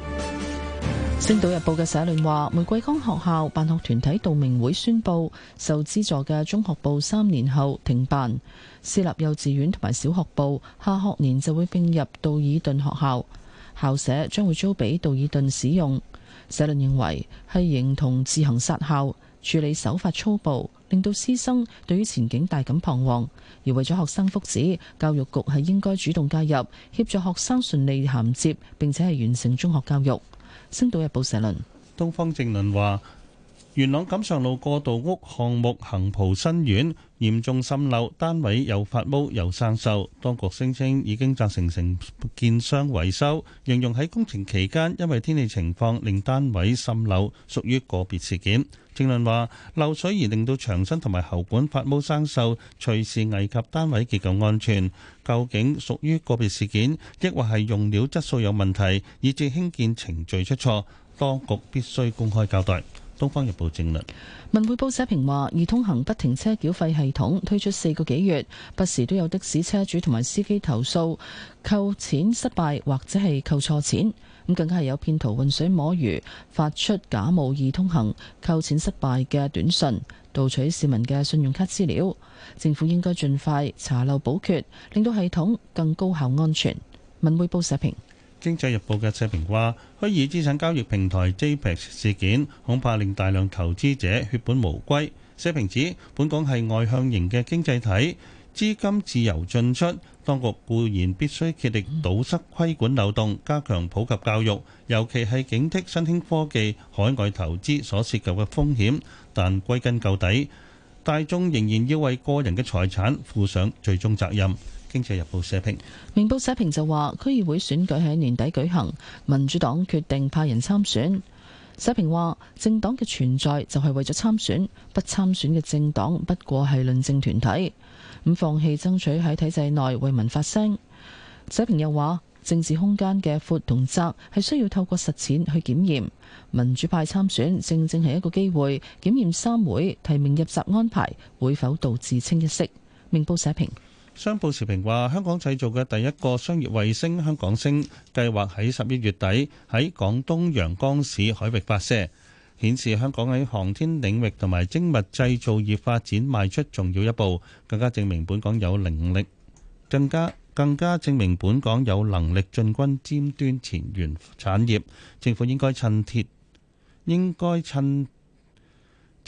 星島日報嘅社論話：玫瑰崗學校辦學團體道明會宣布，受資助嘅中學部三年後停辦，私立幼稚園同埋小學部，下學年就會併入道爾頓學校。校舍將會租俾道爾頓使用。社論認為係形同自行殺校，處理手法粗暴，令到師生對於前景大感彷徨。而為咗學生福祉，教育局係應該主動介入，協助學生順利銜接並且係完成中學教育。星島日報社論，東方正論話。元朗錦上路過渡屋項目行浦新苑嚴重滲漏，單位又發毛、又生鏽。當局聲稱已經責成承建商維修。形容喺工程期間，因為天氣情況令單位滲漏，屬於個別事件。評論話漏水而令到牆身同埋喉管發毛生鏽，隨時危及單位結構安全。究竟屬於個別事件，抑或係用料質素有問題，以至興建程序出錯？當局必須公開交代。《東方日報》政文匯報社評話：易通行不停車繳費系統推出四個幾月，不時都有的士車主同埋司機投訴扣錢失敗或者係扣錯錢，咁更加係有騙徒混水摸魚，發出假冒易通行扣錢失敗嘅短信，盜取市民嘅信用卡資料。政府應該盡快查漏補缺，令到系統更高效安全。文匯報社評。經濟日報嘅社評話：虛擬資產交易平台 JPEX 事件恐怕令大量投資者血本無歸。社評指，本港係外向型嘅經濟體，資金自由進出，當局固然必須竭力堵塞規管漏洞，加強普及教育，尤其係警惕新興科技海外投資所涉及嘅風險。但歸根究底，大眾仍然要為個人嘅財產負上最終責任。《經濟日報》社評，明報社評就話：區議會選舉喺年底舉行，民主黨決定派人參選。社評話：政黨嘅存在就係為咗參選，不參選嘅政黨不過係論政團體，咁放棄爭取喺體制內為民發聲。社評又話：政治空間嘅闊同窄係需要透過實踐去檢驗。民主派參選正正係一個機會，檢驗三會提名入閘安排會否導致清一色。明報社評。商報時評話：香港製造嘅第一個商業衛星「香港星」計劃喺十一月底喺廣東陽江市海域發射，顯示香港喺航天領域同埋精密製造業發展邁出重要一步，更加證明本港有能力，更加更加證明本港有能力進軍尖端前沿產業。政府應該趁鐵應該趁。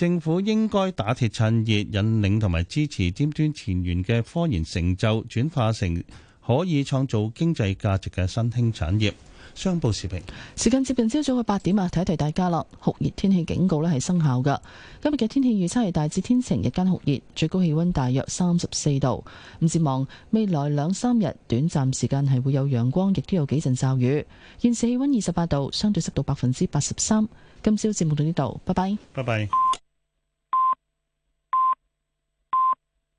政府應該打鐵趁熱，引領同埋支持尖端前沿嘅科研成就，轉化成可以創造經濟價值嘅新興產業。商報時評。時間接近朝早嘅八點啊，提提大家啦。酷熱天氣警告咧係生效㗎。今日嘅天氣預測係大致天晴，日間酷熱，最高氣溫大約三十四度。展望未來兩三日，短暫時間係會有陽光，亦都有幾陣驟雨。現時氣溫二十八度，相對濕度百分之八十三。今朝節目到呢度，拜拜，拜拜。